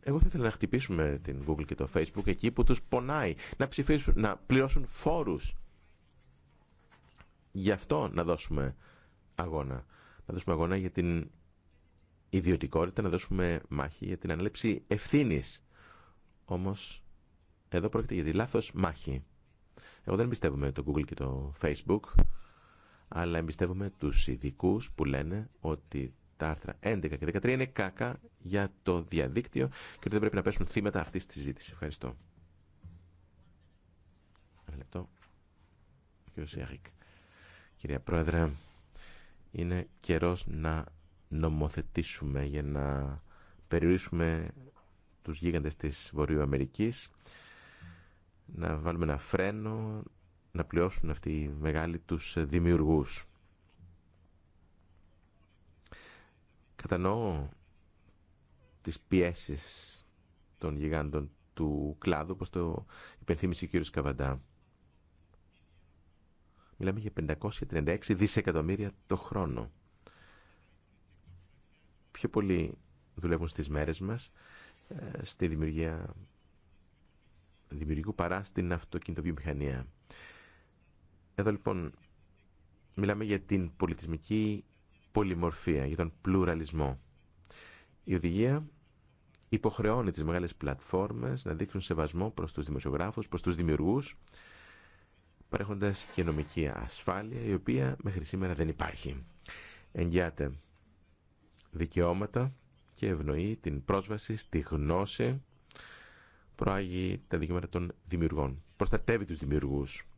Εγώ θα ήθελα να χτυπήσουμε την Google και το Facebook εκεί που τους πονάει να, ψηφίσουν, να πληρώσουν φόρους Γι' αυτό να δώσουμε αγώνα. Να δώσουμε αγώνα για την ιδιωτικότητα, να δώσουμε μάχη για την ανέλεψη ευθύνη. Όμω, εδώ πρόκειται για τη λάθο μάχη. Εγώ δεν εμπιστεύομαι το Google και το Facebook, αλλά εμπιστεύομαι του ειδικού που λένε ότι τα άρθρα 11 και 13 είναι κάκα για το διαδίκτυο και ότι δεν πρέπει να πέσουν θύματα αυτή τη συζήτηση. Ευχαριστώ κυρία Πρόεδρε. Είναι καιρός να νομοθετήσουμε για να περιορίσουμε τους γίγαντες της Βορειοαμερικής, να βάλουμε ένα φρένο, να πληρώσουν αυτοί οι μεγάλοι τους δημιουργούς. Κατανοώ τις πιέσεις των γιγάντων του κλάδου, όπως το υπενθύμισε ο κύριος Καβαντά. Μιλάμε για 536 δισεκατομμύρια το χρόνο. Πιο πολλοί δουλεύουν στις μέρες μας ε, στη δημιουργία δημιουργικού παρά στην αυτοκινητοβιομηχανία. Εδώ λοιπόν μιλάμε για την πολιτισμική πολυμορφία, για τον πλουραλισμό. Η οδηγία υποχρεώνει τις μεγάλες πλατφόρμες να δείξουν σεβασμό προς τους δημοσιογράφους, προς τους δημιουργούς παρέχοντας και νομική ασφάλεια η οποία μέχρι σήμερα δεν υπάρχει. Εγγυάται δικαιώματα και ευνοεί την πρόσβαση στη γνώση προάγει τα δικαιώματα των δημιουργών. Προστατεύει τους δημιουργούς.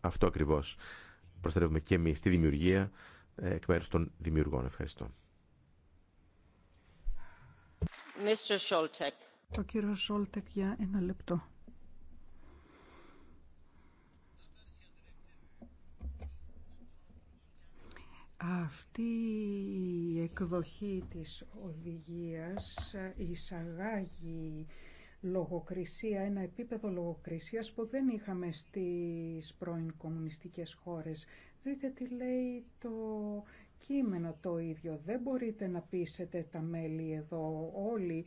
Αυτό ακριβώς προστατεύουμε και εμείς τη δημιουργία ε, εκ μέρους των δημιουργών. Ευχαριστώ. Ο κύριο Σόλτεκ για ένα λεπτό. Αυτή η εκδοχή της οδηγίας εισαγάγει λογοκρισία, ένα επίπεδο λογοκρισίας που δεν είχαμε στις πρώην κομμουνιστικές χώρες. Δείτε τι λέει το κείμενο το ίδιο. Δεν μπορείτε να πείσετε τα μέλη εδώ όλοι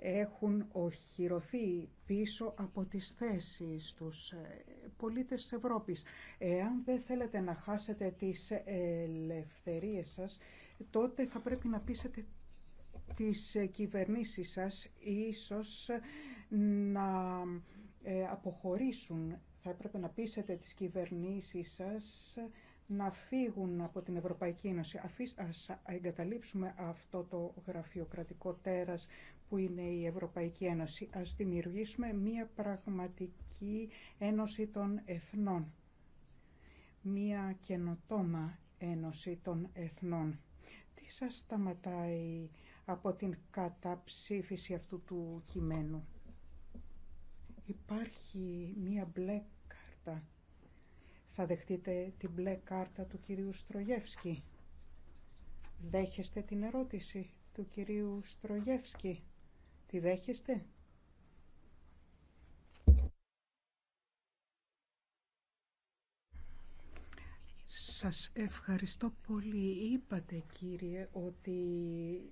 έχουν οχυρωθεί πίσω από τις θέσεις τους ε, πολίτες της Ευρώπης. Εάν δεν θέλετε να χάσετε τις ελευθερίες σας, τότε θα πρέπει να πείσετε τις κυβερνήσεις σας ίσως να ε, αποχωρήσουν. Θα έπρεπε να πείσετε τις κυβερνήσεις σας να φύγουν από την Ευρωπαϊκή Ένωση. Αφήστε, ας εγκαταλείψουμε αυτό το γραφειοκρατικό τέρας που είναι η Ευρωπαϊκή Ένωση. Ας δημιουργήσουμε μία πραγματική ένωση των εθνών. Μία καινοτόμα ένωση των εθνών. Τι σας σταματάει από την καταψήφιση αυτού του κειμένου. Υπάρχει μία μπλε κάρτα. Θα δεχτείτε την μπλε κάρτα του κυρίου Στρογεύσκη. Δέχεστε την ερώτηση του κυρίου Στρογεύσκη. Τη δέχεστε. Σας ευχαριστώ πολύ. Είπατε κύριε ότι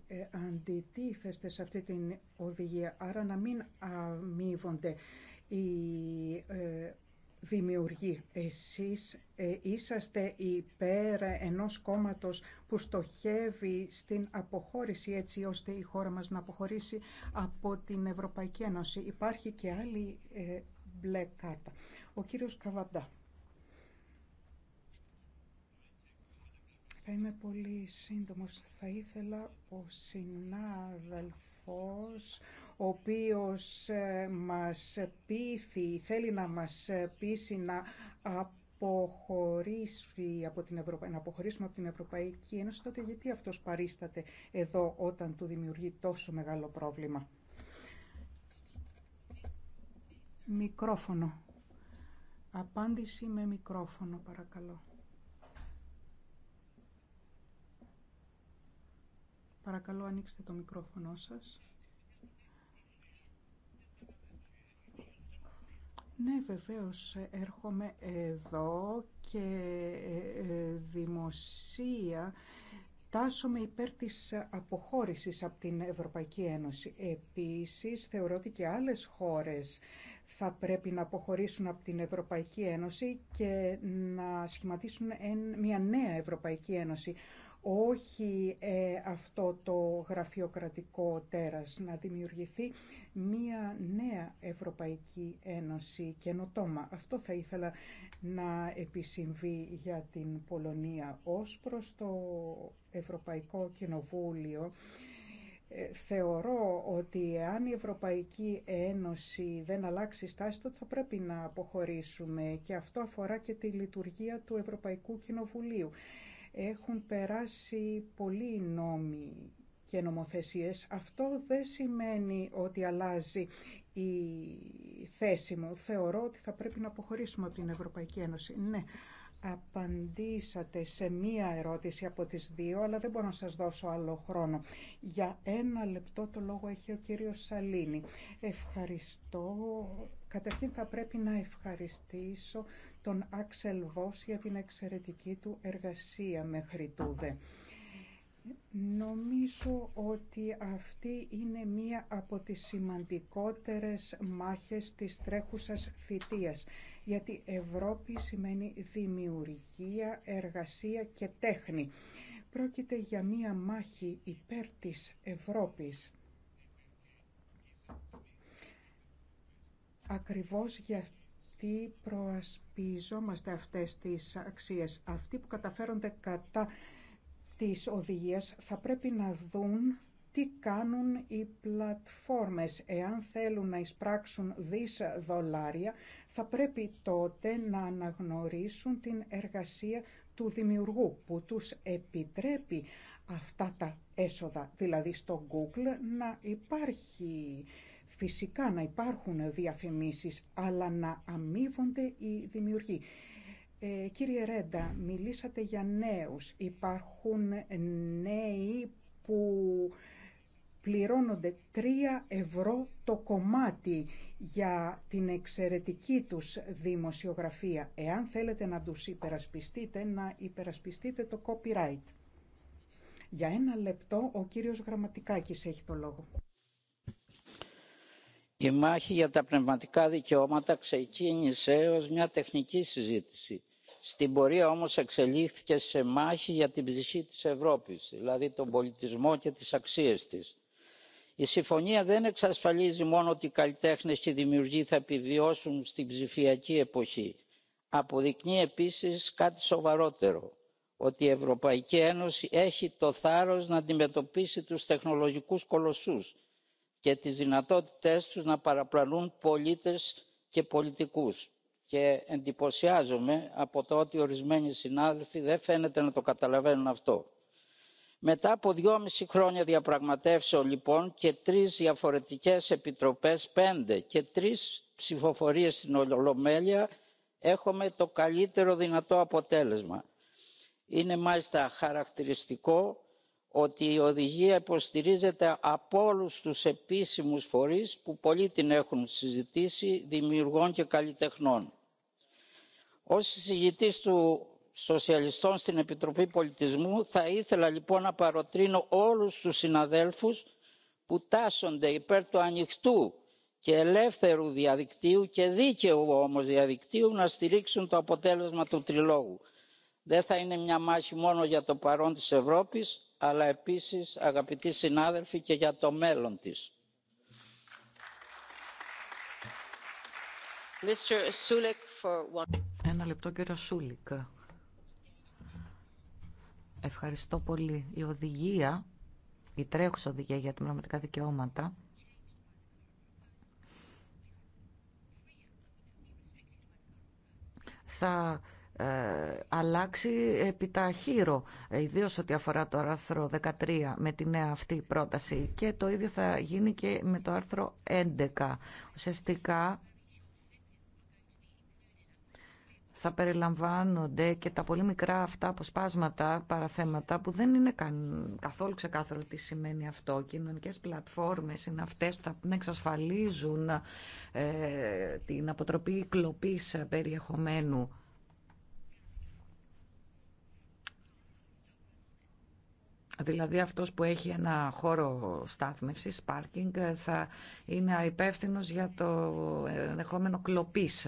ε, αντιτίθεστε σε αυτή την οδηγία, άρα να μην αμείβονται οι ε, δημιουργεί. Εσείς ε, είσαστε υπέρ ενός κόμματος που στοχεύει στην αποχώρηση έτσι ώστε η χώρα μας να αποχωρήσει από την Ευρωπαϊκή Ένωση. Υπάρχει και άλλη ε, μπλε κάρτα. Ο κύριος Καβαντά. Θα είμαι πολύ σύντομος. Θα ήθελα ο συνάδελφος ο οποίος ε, μας πείθει, θέλει να μας πείσει να αποχωρήσει από την να αποχωρήσουμε από την Ευρωπαϊκή Ένωση, τότε γιατί αυτός παρίσταται εδώ όταν του δημιουργεί τόσο μεγάλο πρόβλημα. Μικρόφωνο. Απάντηση με μικρόφωνο, παρακαλώ. Παρακαλώ, ανοίξτε το μικρόφωνο σας. Ναι, βεβαίως έρχομαι εδώ και ε, ε, δημοσία τάσομαι υπέρ της αποχώρησης από την Ευρωπαϊκή Ένωση. Επίσης, θεωρώ ότι και άλλες χώρες θα πρέπει να αποχωρήσουν από την Ευρωπαϊκή Ένωση και να σχηματίσουν μια νέα Ευρωπαϊκή Ένωση όχι ε, αυτό το γραφειοκρατικό τέρας, να δημιουργηθεί μία νέα Ευρωπαϊκή Ένωση καινοτόμα. Αυτό θα ήθελα να επισυμβεί για την Πολωνία ως προς το Ευρωπαϊκό Κοινοβούλιο. Ε, θεωρώ ότι εάν η Ευρωπαϊκή Ένωση δεν αλλάξει στάση, τότε θα πρέπει να αποχωρήσουμε και αυτό αφορά και τη λειτουργία του Ευρωπαϊκού Κοινοβουλίου. Έχουν περάσει πολλοί νόμοι και νομοθεσίες. Αυτό δεν σημαίνει ότι αλλάζει η θέση μου. Θεωρώ ότι θα πρέπει να αποχωρήσουμε από την Ευρωπαϊκή Ένωση. Ναι, απαντήσατε σε μία ερώτηση από τις δύο, αλλά δεν μπορώ να σας δώσω άλλο χρόνο. Για ένα λεπτό το λόγο έχει ο κύριος Σαλίνη. Ευχαριστώ. Καταρχήν θα πρέπει να ευχαριστήσω τον Άξελ Βός για την εξαιρετική του εργασία μέχρι τούδε. Νομίζω ότι αυτή είναι μία από τις σημαντικότερες μάχες της τρέχουσας θητείας, γιατί Ευρώπη σημαίνει δημιουργία, εργασία και τέχνη. Πρόκειται για μία μάχη υπέρ της Ευρώπης. Ακριβώς για τι προασπίζομαστε αυτές τις αξίες. Αυτοί που καταφέρονται κατά τις οδηγίες θα πρέπει να δουν τι κάνουν οι πλατφόρμες. Εάν θέλουν να εισπράξουν δις δολάρια, θα πρέπει τότε να αναγνωρίσουν την εργασία του δημιουργού που τους επιτρέπει αυτά τα έσοδα. Δηλαδή στο Google να υπάρχει Φυσικά να υπάρχουν διαφημίσεις, αλλά να αμείβονται οι δημιουργοί. Ε, κύριε Ρέντα, μιλήσατε για νέους. Υπάρχουν νέοι που πληρώνονται 3 ευρώ το κομμάτι για την εξαιρετική τους δημοσιογραφία. Εάν θέλετε να τους υπερασπιστείτε, να υπερασπιστείτε το copyright. Για ένα λεπτό ο κύριος Γραμματικάκης έχει το λόγο η μάχη για τα πνευματικά δικαιώματα ξεκίνησε ως μια τεχνική συζήτηση στην πορεία όμως εξελίχθηκε σε μάχη για την ψυχή της ευρώπης δηλαδή τον πολιτισμό και τις αξίες της. η συμφωνία δεν εξασφαλίζει μόνο ότι οι καλλιτέχνε και οι δημιουργοί θα επιβιώσουν στην ψηφιακή εποχή αποδεικνύει επίσης κάτι σοβαρότερο ότι η ευρωπαϊκή ένωση έχει το θάρρος να αντιμετωπίσει τους τεχνολογικούς κολοσσούς και τις δυνατότητές τους να παραπλανούν πολίτες και πολιτικούς και εντυπωσιάζομαι από το ότι ορισμένοι συνάδελφοι δεν φαίνεται να το καταλαβαίνουν αυτό. μετά από δυόμιση χρόνια διαπραγματεύσεων λοιπόν και τρεις διαφορετικές επιτροπές πέντε και τρεις ψηφοφορίες στην ολομέλεια έχουμε το καλύτερο δυνατό αποτέλεσμα. είναι μάλιστα χαρακτηριστικό ότι η οδηγία υποστηρίζεται από όλους τους επίσημους φορείς που πολύ την έχουν συζητήσει δημιουργών και καλλιτεχνών. Ως συζητής του Σοσιαλιστών στην Επιτροπή Πολιτισμού θα ήθελα λοιπόν να παροτρύνω όλους τους συναδέλφους που τάσσονται υπέρ του ανοιχτού και ελεύθερου διαδικτύου και δίκαιου όμως διαδικτύου να στηρίξουν το αποτέλεσμα του τριλόγου δεν θα είναι μια μάχη μόνο για το παρόν της ευρώπης αλλά επίσης αγαπητοί συνάδελφοι και για το μέλλον της. Ένα λεπτό κύριο Σούλικ. Ευχαριστώ πολύ. Η οδηγία, η τρέχουσα οδηγία για τα πνευματικά δικαιώματα θα ε, αλλάξει επιταχύρω, ε, ιδίως ό,τι αφορά το άρθρο 13 με τη νέα αυτή πρόταση και το ίδιο θα γίνει και με το άρθρο 11. Ουσιαστικά θα περιλαμβάνονται και τα πολύ μικρά αυτά αποσπάσματα, παραθέματα που δεν είναι καθόλου ξεκάθαρο τι σημαίνει αυτό. Κοινωνικέ πλατφόρμες είναι αυτές που θα εξασφαλίζουν ε, την αποτροπή κλοπής περιεχομένου Δηλαδή αυτός που έχει ένα χώρο στάθμευσης, πάρκινγκ, θα είναι υπεύθυνο για το ενδεχόμενο κλοπής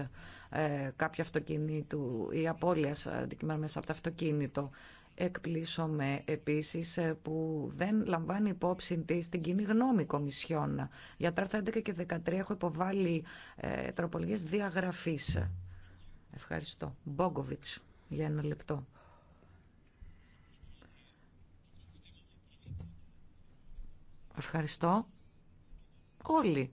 ε, κάποιου αυτοκινήτου ή απώλειας αντικειμένου μέσα από το αυτοκίνητο. Εκπλήσωμε επίσης ε, που δεν λαμβάνει υπόψη τη την κοινή γνώμη κομισιών. Για τα 11 και 13 έχω υποβάλει ε, τροπολογίες διαγραφής. Ευχαριστώ. Μπόγκοβιτς για ένα λεπτό. Ευχαριστώ. Όλοι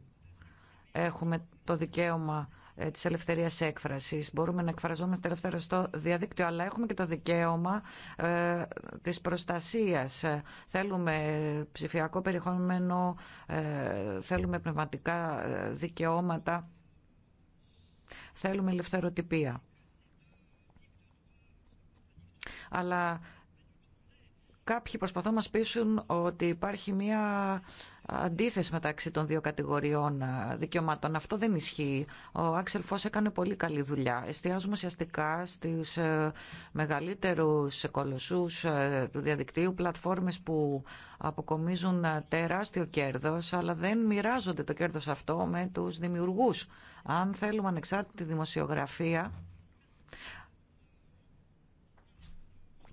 έχουμε το δικαίωμα ε, της ελευθερίας έκφρασης. Μπορούμε να εκφραζόμαστε ελεύθερα στο διαδίκτυο, αλλά έχουμε και το δικαίωμα ε, της προστασίας. Θέλουμε ψηφιακό περιεχόμενο, ε, θέλουμε πνευματικά δικαιώματα, θέλουμε ελευθεροτυπία. Αλλά Κάποιοι προσπαθούν να μας πείσουν ότι υπάρχει μια αντίθεση μεταξύ των δύο κατηγοριών δικαιωμάτων. Αυτό δεν ισχύει. Ο Άξελ Φως έκανε πολύ καλή δουλειά. Εστιάζουμε ουσιαστικά στους ε, μεγαλύτερους κολοσσούς ε, του διαδικτύου, πλατφόρμες που αποκομίζουν ε, τεράστιο κέρδος, αλλά δεν μοιράζονται το κέρδος αυτό με τους δημιουργούς. Αν θέλουμε ανεξάρτητη δημοσιογραφία,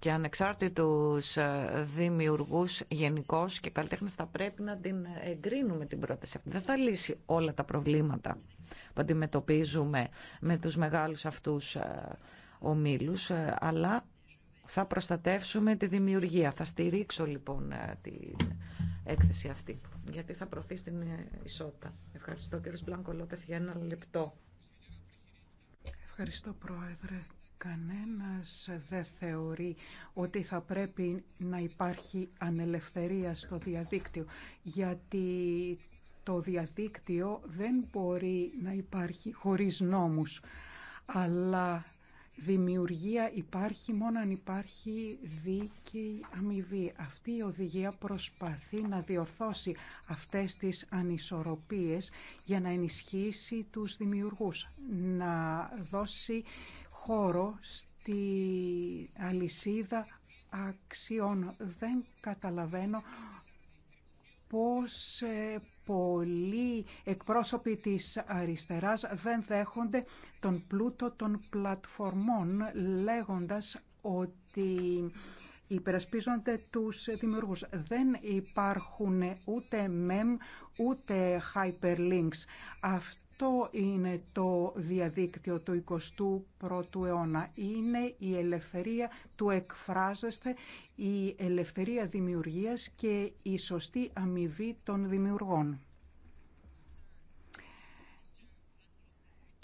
και ανεξάρτητους ε, δημιουργούς γενικώ και καλλιτέχνες θα πρέπει να την εγκρίνουμε την πρόταση αυτή. Δεν θα λύσει όλα τα προβλήματα που αντιμετωπίζουμε με τους μεγάλους αυτούς ε, ομίλους, ε, αλλά θα προστατεύσουμε τη δημιουργία. Θα στηρίξω λοιπόν την έκθεση αυτή, γιατί θα προωθεί στην ισότητα. Ευχαριστώ κύριο Μπλάνκο Λόπεθ για ένα λεπτό. Ευχαριστώ Πρόεδρε. Κανένας δεν θεωρεί ότι θα πρέπει να υπάρχει ανελευθερία στο διαδίκτυο, γιατί το διαδίκτυο δεν μπορεί να υπάρχει χωρίς νόμους, αλλά δημιουργία υπάρχει μόνο αν υπάρχει δίκαιη αμοιβή. Αυτή η οδηγία προσπαθεί να διορθώσει αυτές τις ανισορροπίες για να ενισχύσει τους δημιουργούς, να δώσει χώρο στη αλυσίδα αξιών. Δεν καταλαβαίνω πώς ε, πολλοί εκπρόσωποι της αριστεράς δεν δέχονται τον πλούτο των πλατφορμών λέγοντας ότι υπερασπίζονται τους δημιουργούς. Δεν υπάρχουν ούτε μέμ ούτε hyperlinks. Αυτό αυτό είναι το διαδίκτυο του 21ου αιώνα. Είναι η ελευθερία του εκφράζεστε, η ελευθερία δημιουργίας και η σωστή αμοιβή των δημιουργών.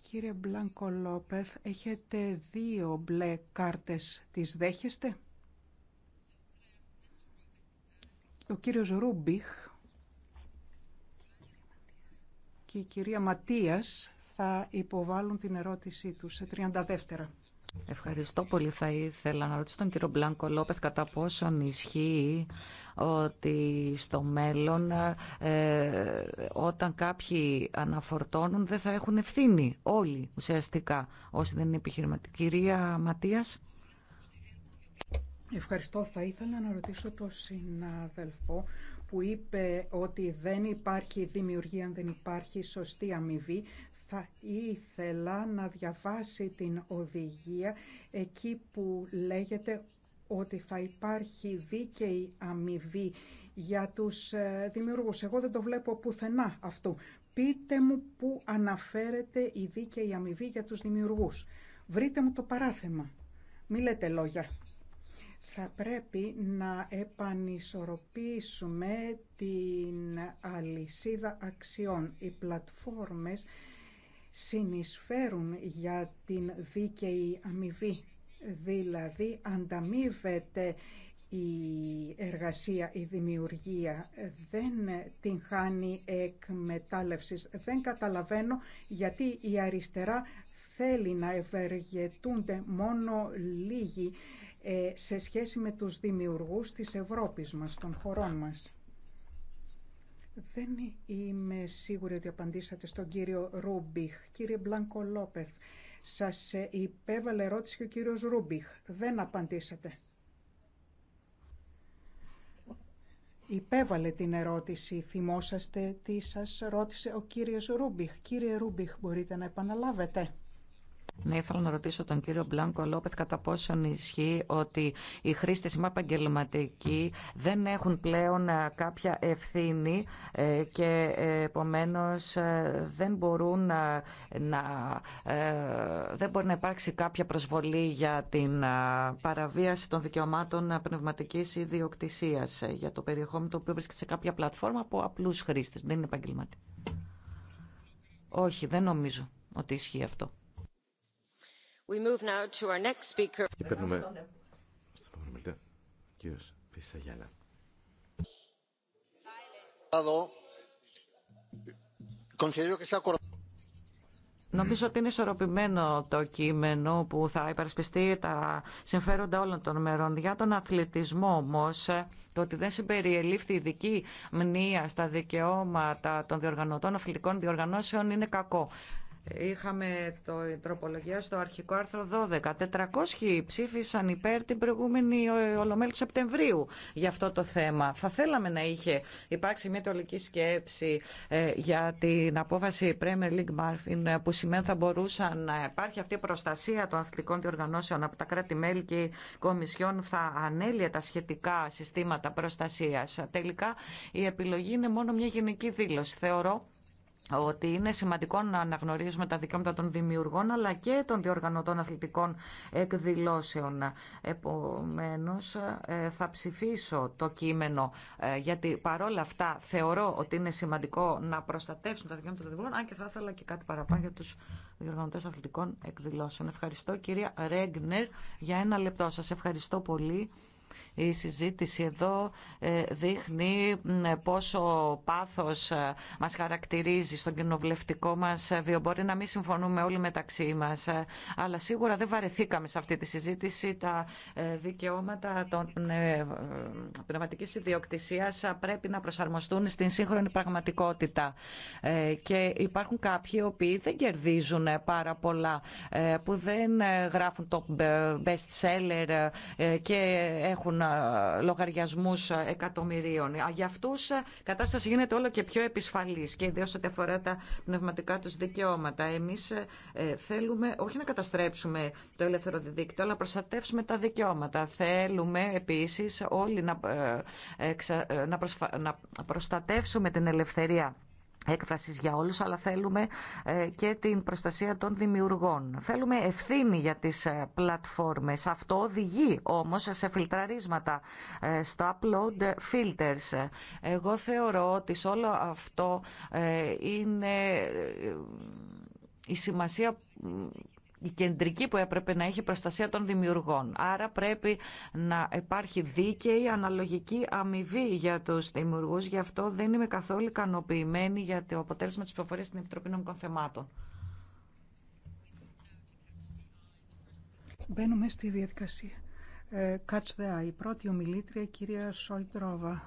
Κύριε Μπλάνκο Λόπεθ, έχετε δύο μπλε κάρτες. Τις δέχεστε? Ο κύριος Ρούμπιχ και η κυρία Ματίας θα υποβάλουν την ερώτησή τους σε 32. Ευχαριστώ πολύ. Θα ήθελα να ρωτήσω τον κύριο Μπλάνκο Λόπεθ κατά πόσον ισχύει ότι στο μέλλον ε, όταν κάποιοι αναφορτώνουν δεν θα έχουν ευθύνη όλοι ουσιαστικά όσοι δεν είναι επιχειρηματικοί. Κυρία Ματίας. Ευχαριστώ. Θα ήθελα να ρωτήσω τον συνάδελφο που είπε ότι δεν υπάρχει δημιουργία, αν δεν υπάρχει σωστή αμοιβή, θα ήθελα να διαβάσει την οδηγία εκεί που λέγεται ότι θα υπάρχει δίκαιη αμοιβή για τους ε, δημιουργούς. Εγώ δεν το βλέπω πουθενά αυτού. Πείτε μου πού αναφέρεται η δίκαιη αμοιβή για τους δημιουργούς. Βρείτε μου το παράθεμα. Μη λέτε λόγια θα πρέπει να επανισορροπήσουμε την αλυσίδα αξιών. Οι πλατφόρμες συνεισφέρουν για την δίκαιη αμοιβή, δηλαδή ανταμείβεται η εργασία, η δημιουργία δεν την χάνει εκμετάλλευση. Δεν καταλαβαίνω γιατί η αριστερά θέλει να ευεργετούνται μόνο λίγοι ε, σε σχέση με τους δημιουργούς της Ευρώπης μας, των χωρών μας. Δεν είμαι σίγουρη ότι απαντήσατε στον κύριο Ρούμπιχ. Κύριε Μπλάνκο Λόπεθ, σας ε, υπέβαλε ερώτηση και ο κύριος Ρούμπιχ. Δεν απαντήσατε. Υπέβαλε την ερώτηση. Θυμόσαστε τι σας ρώτησε ο κύριος Ρούμπιχ. Κύριε Ρούμπιχ, μπορείτε να επαναλάβετε. Ναι, ήθελα να ρωτήσω τον κύριο Μπλάνκο Λόπεθ κατά πόσον ισχύει ότι οι χρήστε μα επαγγελματικοί δεν έχουν πλέον ε, κάποια ευθύνη ε, και ε, επομένω δεν μπορούν να, να, δεν μπορεί να υπάρξει κάποια προσβολή για την παραβίαση των δικαιωμάτων πνευματική ιδιοκτησία για το περιεχόμενο το οποίο βρίσκεται σε κάποια πλατφόρμα από απλού χρήστε. Δεν είναι επαγγελματικοί. Όχι, δεν νομίζω ότι ισχύει αυτό. Νομίζω ότι είναι ισορροπημένο το κείμενο που θα υπερασπιστεί τα συμφέροντα όλων των μερών. Για τον αθλητισμό όμω, το ότι δεν συμπεριελήφθη δική μνήμα στα δικαιώματα των διοργανωτών αθλητικών διοργανώσεων είναι κακό. Είχαμε το τροπολογία στο αρχικό άρθρο 12. 400 ψήφισαν υπέρ την προηγούμενη ε, Ολομέλη του Σεπτεμβρίου για αυτό το θέμα. Θα θέλαμε να είχε υπάρξει μια τολική σκέψη ε, για την απόφαση Premier League Marfin ε, που σημαίνει θα μπορούσε να υπάρχει αυτή η προστασία των αθλητικών διοργανώσεων από τα κράτη-μέλη και η Κομισιόν θα ανέλυε τα σχετικά συστήματα προστασία. Τελικά η επιλογή είναι μόνο μια γενική δήλωση. Θεωρώ ότι είναι σημαντικό να αναγνωρίζουμε τα δικαιώματα των δημιουργών αλλά και των διοργανωτών αθλητικών εκδηλώσεων. Επομένως, ε, θα ψηφίσω το κείμενο, ε, γιατί παρόλα αυτά θεωρώ ότι είναι σημαντικό να προστατεύσουν τα δικαιώματα των δημιουργών, αν και θα ήθελα και κάτι παραπάνω για τους διοργανωτές αθλητικών εκδηλώσεων. Ευχαριστώ κυρία Ρέγνερ για ένα λεπτό. Σας ευχαριστώ πολύ. Η συζήτηση εδώ ε, δείχνει πόσο πάθος ε, μας χαρακτηρίζει στον κοινοβουλευτικό μας βίο. Μπορεί να μην συμφωνούμε όλοι μεταξύ μας, ε, αλλά σίγουρα δεν βαρεθήκαμε σε αυτή τη συζήτηση. Τα δικαιώματα των πνευματικής ιδιοκτησίας πρέπει να προσαρμοστούν στην σύγχρονη πραγματικότητα. Και υπάρχουν κάποιοι οποίοι δεν κερδίζουν πάρα πολλά, που δεν γράφουν το best seller και έχουν ε, Λογαριασμού ε, εκατομμυρίων. Για αυτούς ε, η κατάσταση γίνεται όλο και πιο επισφαλής και ιδίω ό,τι αφορά τα πνευματικά του δικαιώματα. Εμείς θέλουμε όχι να καταστρέψουμε το ελεύθερο διδίκτυο, αλλά να προστατεύσουμε τα δικαιώματα. Θέλουμε επίσης όλοι να, να προστατεύσουμε την ελευθερία έκφρασης για όλους, αλλά θέλουμε ε, και την προστασία των δημιουργών. Θέλουμε ευθύνη για τις ε, πλατφόρμες. Αυτό οδηγεί όμως σε φιλτραρίσματα, ε, στο upload filters. Εγώ θεωρώ ότι σε όλο αυτό είναι η σημασία η κεντρική που έπρεπε να έχει προστασία των δημιουργών. Άρα πρέπει να υπάρχει δίκαιη αναλογική αμοιβή για τους δημιουργούς. Γι' αυτό δεν είμαι καθόλου ικανοποιημένη για το αποτέλεσμα της προφορίας στην Επιτροπή Νομικών Θεμάτων. Μπαίνουμε στη διαδικασία. Ε, catch Η πρώτη ομιλήτρια, η κυρία Σόιντρόβα.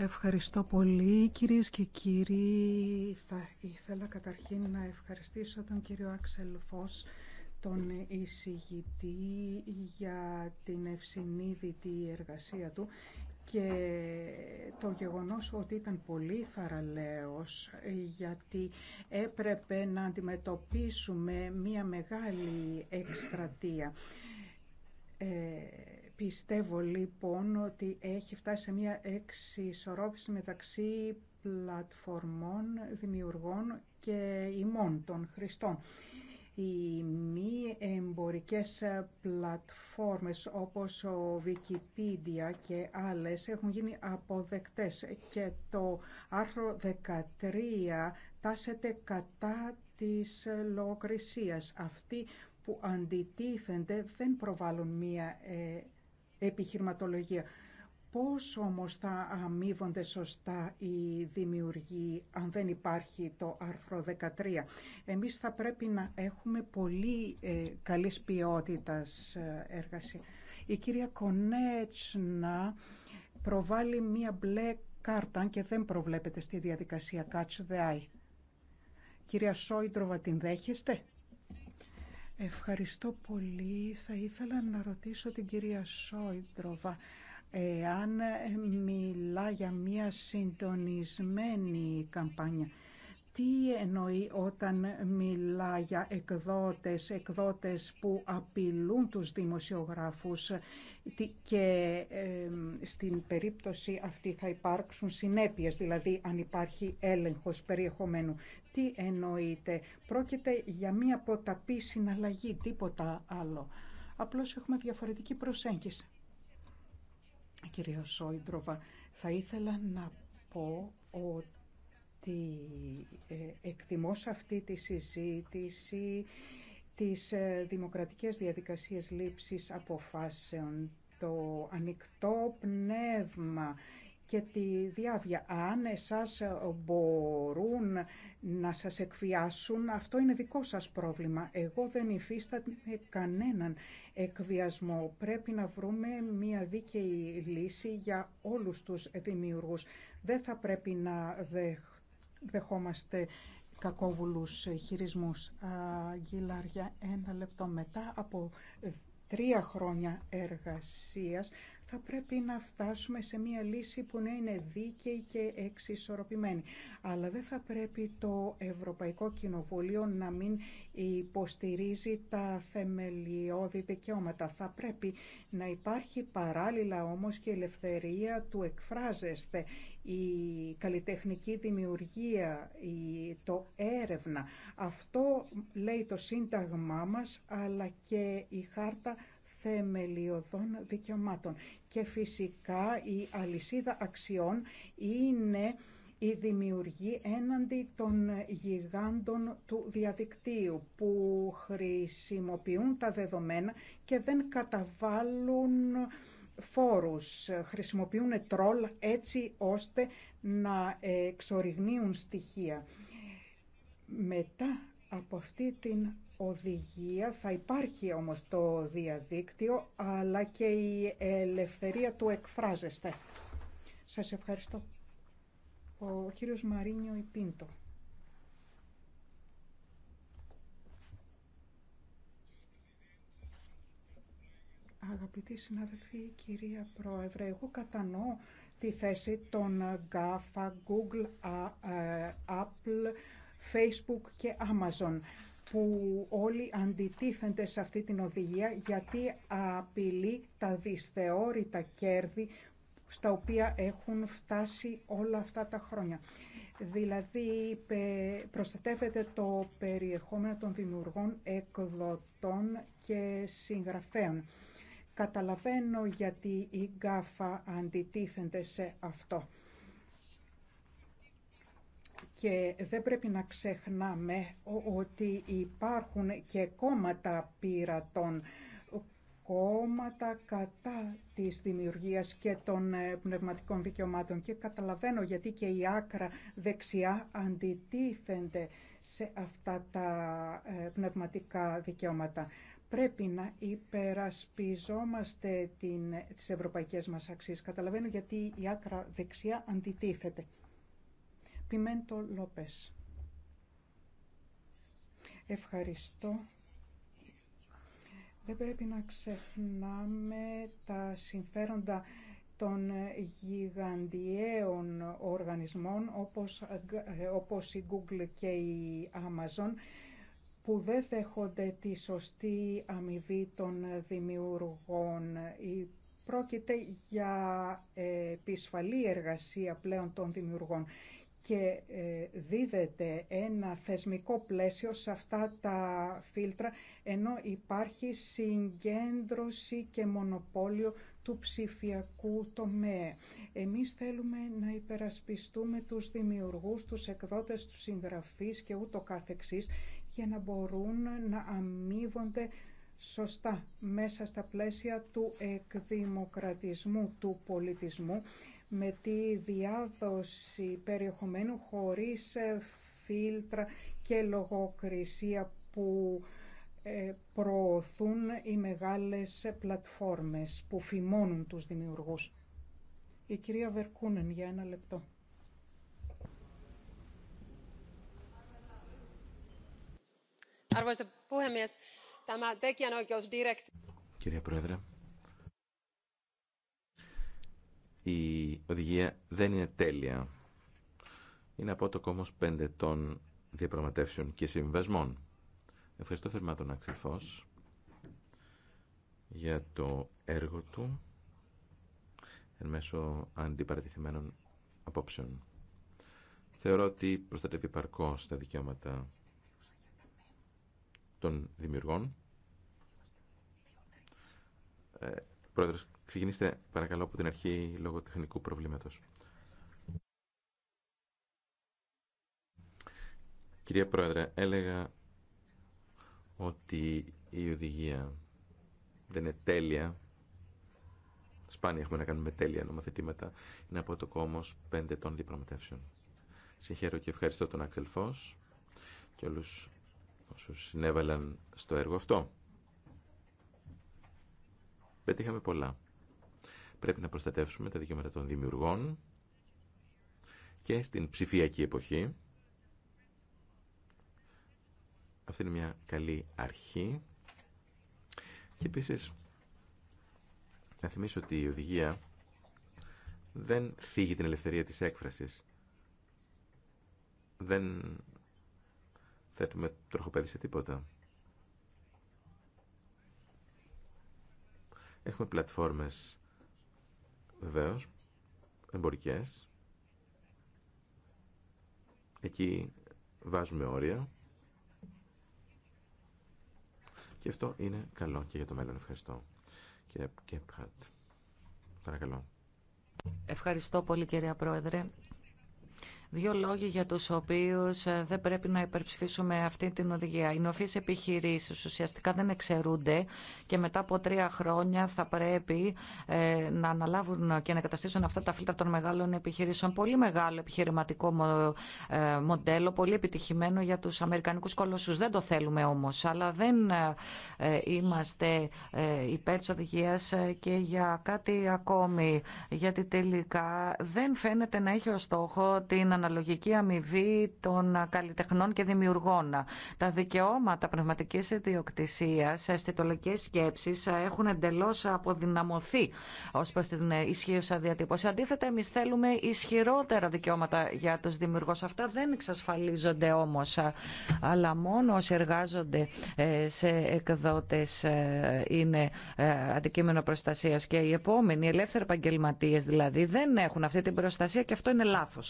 Ευχαριστώ πολύ κυρίες και κύριοι. Θα ήθελα καταρχήν να ευχαριστήσω τον κύριο Άξελ Φως, τον εισηγητή για την ευσυνείδητη εργασία του και το γεγονός ότι ήταν πολύ θαραλέος γιατί έπρεπε να αντιμετωπίσουμε μία μεγάλη εκστρατεία. Ε, Πιστεύω λοιπόν ότι έχει φτάσει σε μια εξισορρόπηση μεταξύ πλατφορμών, δημιουργών και ημών των χρηστών. Οι μη εμπορικές πλατφόρμες όπως ο Wikipedia και άλλες έχουν γίνει αποδεκτές και το άρθρο 13 τάσεται κατά της λογοκρισίας. Αυτοί που αντιτίθενται δεν προβάλλουν μία ε, επιχειρηματολογία. Πώς όμως θα αμείβονται σωστά οι δημιουργοί αν δεν υπάρχει το άρθρο 13. Εμείς θα πρέπει να έχουμε πολύ ε, καλής ποιότητας ε, έργαση. Η κυρία Κονέτσνα προβάλλει μία μπλε κάρτα και δεν προβλέπεται στη διαδικασία Catch the Eye. Κυρία Σόιντροβα την δέχεστε. Ευχαριστώ πολύ. Θα ήθελα να ρωτήσω την κυρία Σόιντροβα αν μιλά για μια συντονισμένη καμπάνια τι εννοεί όταν μιλά για εκδότες, εκδότες που απειλούν τους δημοσιογράφους και στην περίπτωση αυτή θα υπάρξουν συνέπειες, δηλαδή αν υπάρχει έλεγχος περιεχομένου. Τι εννοείται, πρόκειται για μία ποταπή συναλλαγή, τίποτα άλλο. Απλώς έχουμε διαφορετική προσέγγιση. Κυρία Σόιντροβα, θα ήθελα να πω ότι ότι ε, εκτιμώ σε αυτή τη συζήτηση τις ε, δημοκρατικές διαδικασίες λήψης αποφάσεων, το ανοιχτό πνεύμα και τη διάβια. Αν εσάς μπορούν να σας εκβιάσουν, αυτό είναι δικό σας πρόβλημα. Εγώ δεν υφίσταται κανέναν εκβιασμό. Πρέπει να βρούμε μια δίκαιη λύση για όλους τους δημιουργούς. Δεν θα πρέπει να δεχθούν δεχόμαστε κακόβουλους χειρισμούς. γκιλάρια ένα λεπτό μετά από ε, τρία χρόνια εργασίας θα πρέπει να φτάσουμε σε μια λύση που να είναι δίκαιη και εξισορροπημένη. Αλλά δεν θα πρέπει το Ευρωπαϊκό Κοινοβούλιο να μην υποστηρίζει τα θεμελιώδη δικαιώματα. Θα πρέπει να υπάρχει παράλληλα όμως και η ελευθερία του εκφράζεστε, η καλλιτεχνική δημιουργία, το έρευνα. Αυτό λέει το Σύνταγμά μας, αλλά και η Χάρτα θεμελιωδών δικαιωμάτων. Και φυσικά η αλυσίδα αξιών είναι η δημιουργή έναντι των γιγάντων του διαδικτύου που χρησιμοποιούν τα δεδομένα και δεν καταβάλουν φόρους, χρησιμοποιούν τρόλ έτσι ώστε να εξοριγνύουν στοιχεία. Μετά από αυτή την οδηγία, θα υπάρχει όμως το διαδίκτυο, αλλά και η ελευθερία του εκφράζεστε. Σας ευχαριστώ. Ο κύριος Μαρίνιο Ιππίντο. Αγαπητοί συνάδελφοι, κυρία Πρόεδρε, εγώ κατανοώ τη θέση των Γάφα, Google, ε, Apple, Facebook και Amazon που όλοι αντιτίθενται σε αυτή την οδηγία γιατί απειλεί τα δυσθεώρητα κέρδη στα οποία έχουν φτάσει όλα αυτά τα χρόνια. Δηλαδή προστατεύεται το περιεχόμενο των δημιουργών, εκδοτών και συγγραφέων. Καταλαβαίνω γιατί η γκάφα αντιτίθενται σε αυτό. Και δεν πρέπει να ξεχνάμε ότι υπάρχουν και κόμματα πειρατών, κόμματα κατά της δημιουργίας και των ε, πνευματικών δικαιωμάτων. Και καταλαβαίνω γιατί και η άκρα δεξιά αντιτίθενται σε αυτά τα ε, πνευματικά δικαιώματα. Πρέπει να υπερασπιζόμαστε την, τις ευρωπαϊκές μας αξίες. Καταλαβαίνω γιατί η άκρα δεξιά αντιτίθεται. Πιμέντο Λόπες. Ευχαριστώ. Δεν πρέπει να ξεχνάμε τα συμφέροντα των γιγαντιαίων οργανισμών όπως, όπως η Google και η Amazon που δεν δέχονται τη σωστή αμοιβή των δημιουργών. Πρόκειται για ε, επισφαλή εργασία πλέον των δημιουργών και ε, δίδεται ένα θεσμικό πλαίσιο σε αυτά τα φίλτρα, ενώ υπάρχει συγκέντρωση και μονοπόλιο του ψηφιακού τομέα. Εμείς θέλουμε να υπερασπιστούμε τους δημιουργούς, τους εκδότες, τους συγγραφείς και ούτω καθεξής, για να μπορούν να αμείβονται σωστά μέσα στα πλαίσια του εκδημοκρατισμού του πολιτισμού με τη διάδοση περιεχομένου χωρίς ε, φίλτρα και λογοκρισία που ε, προωθούν οι μεγάλες πλατφόρμες που φημώνουν τους δημιουργούς. Η κυρία Βερκούνεν για ένα λεπτό. Κυρία Πρόεδρε, η οδηγία δεν είναι τέλεια. Είναι από το κόμμος πέντε ετών διαπραγματεύσεων και συμβασμών. Ευχαριστώ θερμά τον Άξελ για το έργο του εν μέσω αντιπαρατηθημένων απόψεων. Θεωρώ ότι προστατεύει παρκώς τα δικαιώματα των δημιουργών ε, Πρόεδρος, ξεκινήστε παρακαλώ από την αρχή λόγω τεχνικού προβλήματος. Κυρία Πρόεδρε, έλεγα ότι η οδηγία δεν είναι τέλεια. Σπάνια έχουμε να κάνουμε τέλεια νομοθετήματα. Είναι από το κόμμα 5 των διπλωματεύσεων. Συγχαίρω και ευχαριστώ τον Άξελ Φως και όλους όσους συνέβαλαν στο έργο αυτό. Πετύχαμε πολλά. Πρέπει να προστατεύσουμε τα δικαιώματα των δημιουργών και στην ψηφιακή εποχή. Αυτή είναι μια καλή αρχή. Και επίσης να θυμίσω ότι η οδηγία δεν θίγει την ελευθερία της έκφρασης. Δεν θέτουμε τροχοπέδι σε τίποτα. Έχουμε πλατφόρμες βεβαίω, εμπορικές. Εκεί βάζουμε όρια. Και αυτό είναι καλό και για το μέλλον. Ευχαριστώ. Κύριε Κέπχαρτ, παρακαλώ. Ευχαριστώ πολύ κυρία Πρόεδρε. Δύο λόγοι για τους οποίους ε, δεν πρέπει να υπερψηφίσουμε αυτή την οδηγία. Οι νοφείς επιχειρήσεις ουσιαστικά δεν εξαιρούνται και μετά από τρία χρόνια θα πρέπει ε, να αναλάβουν και να καταστήσουν αυτά τα φίλτρα των μεγάλων επιχειρήσεων. Πολύ μεγάλο επιχειρηματικό ε, μοντέλο, πολύ επιτυχημένο για τους Αμερικανικούς κολοσσούς. Δεν το θέλουμε όμως, αλλά δεν είμαστε υπέρ της οδηγίας και για κάτι ακόμη, γιατί τελικά δεν φαίνεται να έχει ως στόχο την αναλογική αμοιβή των καλλιτεχνών και δημιουργών. Τα δικαιώματα πνευματική ιδιοκτησία σε αισθητολογικέ σκέψει έχουν εντελώ αποδυναμωθεί ω προ την ισχύουσα διατύπωση. Αντίθετα, εμεί θέλουμε ισχυρότερα δικαιώματα για του δημιουργού. Αυτά δεν εξασφαλίζονται όμω, αλλά μόνο όσοι εργάζονται ε, σε εκδότε ε, είναι ε, αντικείμενο προστασία και οι επόμενοι ελεύθεροι επαγγελματίε δηλαδή δεν έχουν αυτή την προστασία και αυτό είναι λάθο.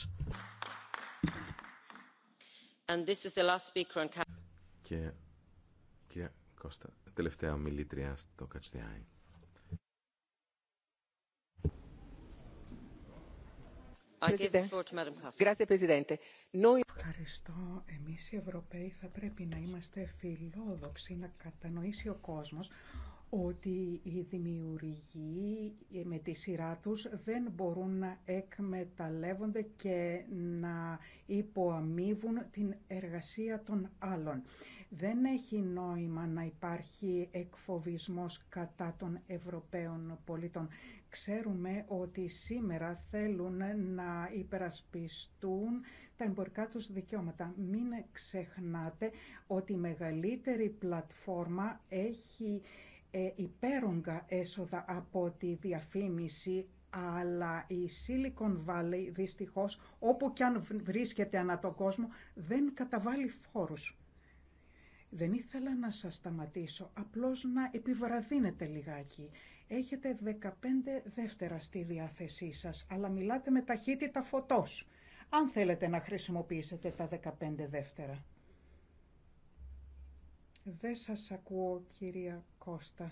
Και κυρία Κώστα, τελευταία ομιλήτρια στο ΚΑΤΣΤΙΑΗ. Ευχαριστώ. Εμείς οι Ευρωπαίοι θα πρέπει να είμαστε φιλόδοξοι, να κατανοήσει ο κόσμος ότι οι δημιουργοί ε, με τη σειρά τους δεν μπορούν να εκμεταλλεύονται και να υποαμείβουν την εργασία των άλλων. Δεν έχει νόημα να υπάρχει εκφοβισμός κατά των Ευρωπαίων πολιτών. Ξέρουμε ότι σήμερα θέλουν να υπερασπιστούν τα εμπορικά τους δικαιώματα. Μην ξεχνάτε ότι η μεγαλύτερη πλατφόρμα έχει ε, υπέρογκα έσοδα από τη διαφήμιση αλλά η Silicon Valley δυστυχώς όπου και αν βρίσκεται ανά τον κόσμο δεν καταβάλει φόρους. Δεν ήθελα να σας σταματήσω, απλώς να επιβραδύνετε λιγάκι. Έχετε 15 δεύτερα στη διάθεσή σας, αλλά μιλάτε με ταχύτητα φωτός, αν θέλετε να χρησιμοποιήσετε τα 15 δεύτερα. Δεν σας ακούω, κυρία Κώστα.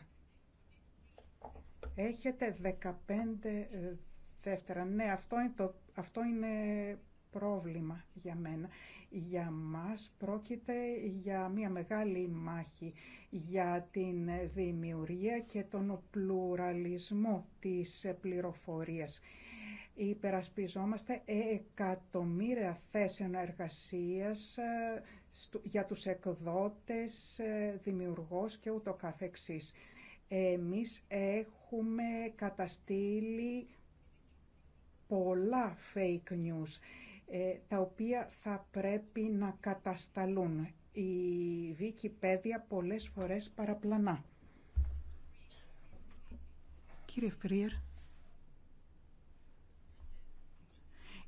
Έχετε 15 ε, δεύτερα. Ναι, αυτό είναι, αυτό είναι πρόβλημα για μένα. Για μας πρόκειται για μια μεγάλη μάχη για την δημιουργία και τον πλουραλισμό της πληροφορίας. Υπερασπιζόμαστε εκατομμύρια θέσεων εργασίας ε, για τους εκδότες, ε, δημιουργός και ούτω καθεξής. Εμείς έχουμε καταστήλει πολλά fake news, ε, τα οποία θα πρέπει να κατασταλούν. Η Wikipedia πολλές φορές παραπλανά. Κύριε Φρίερ,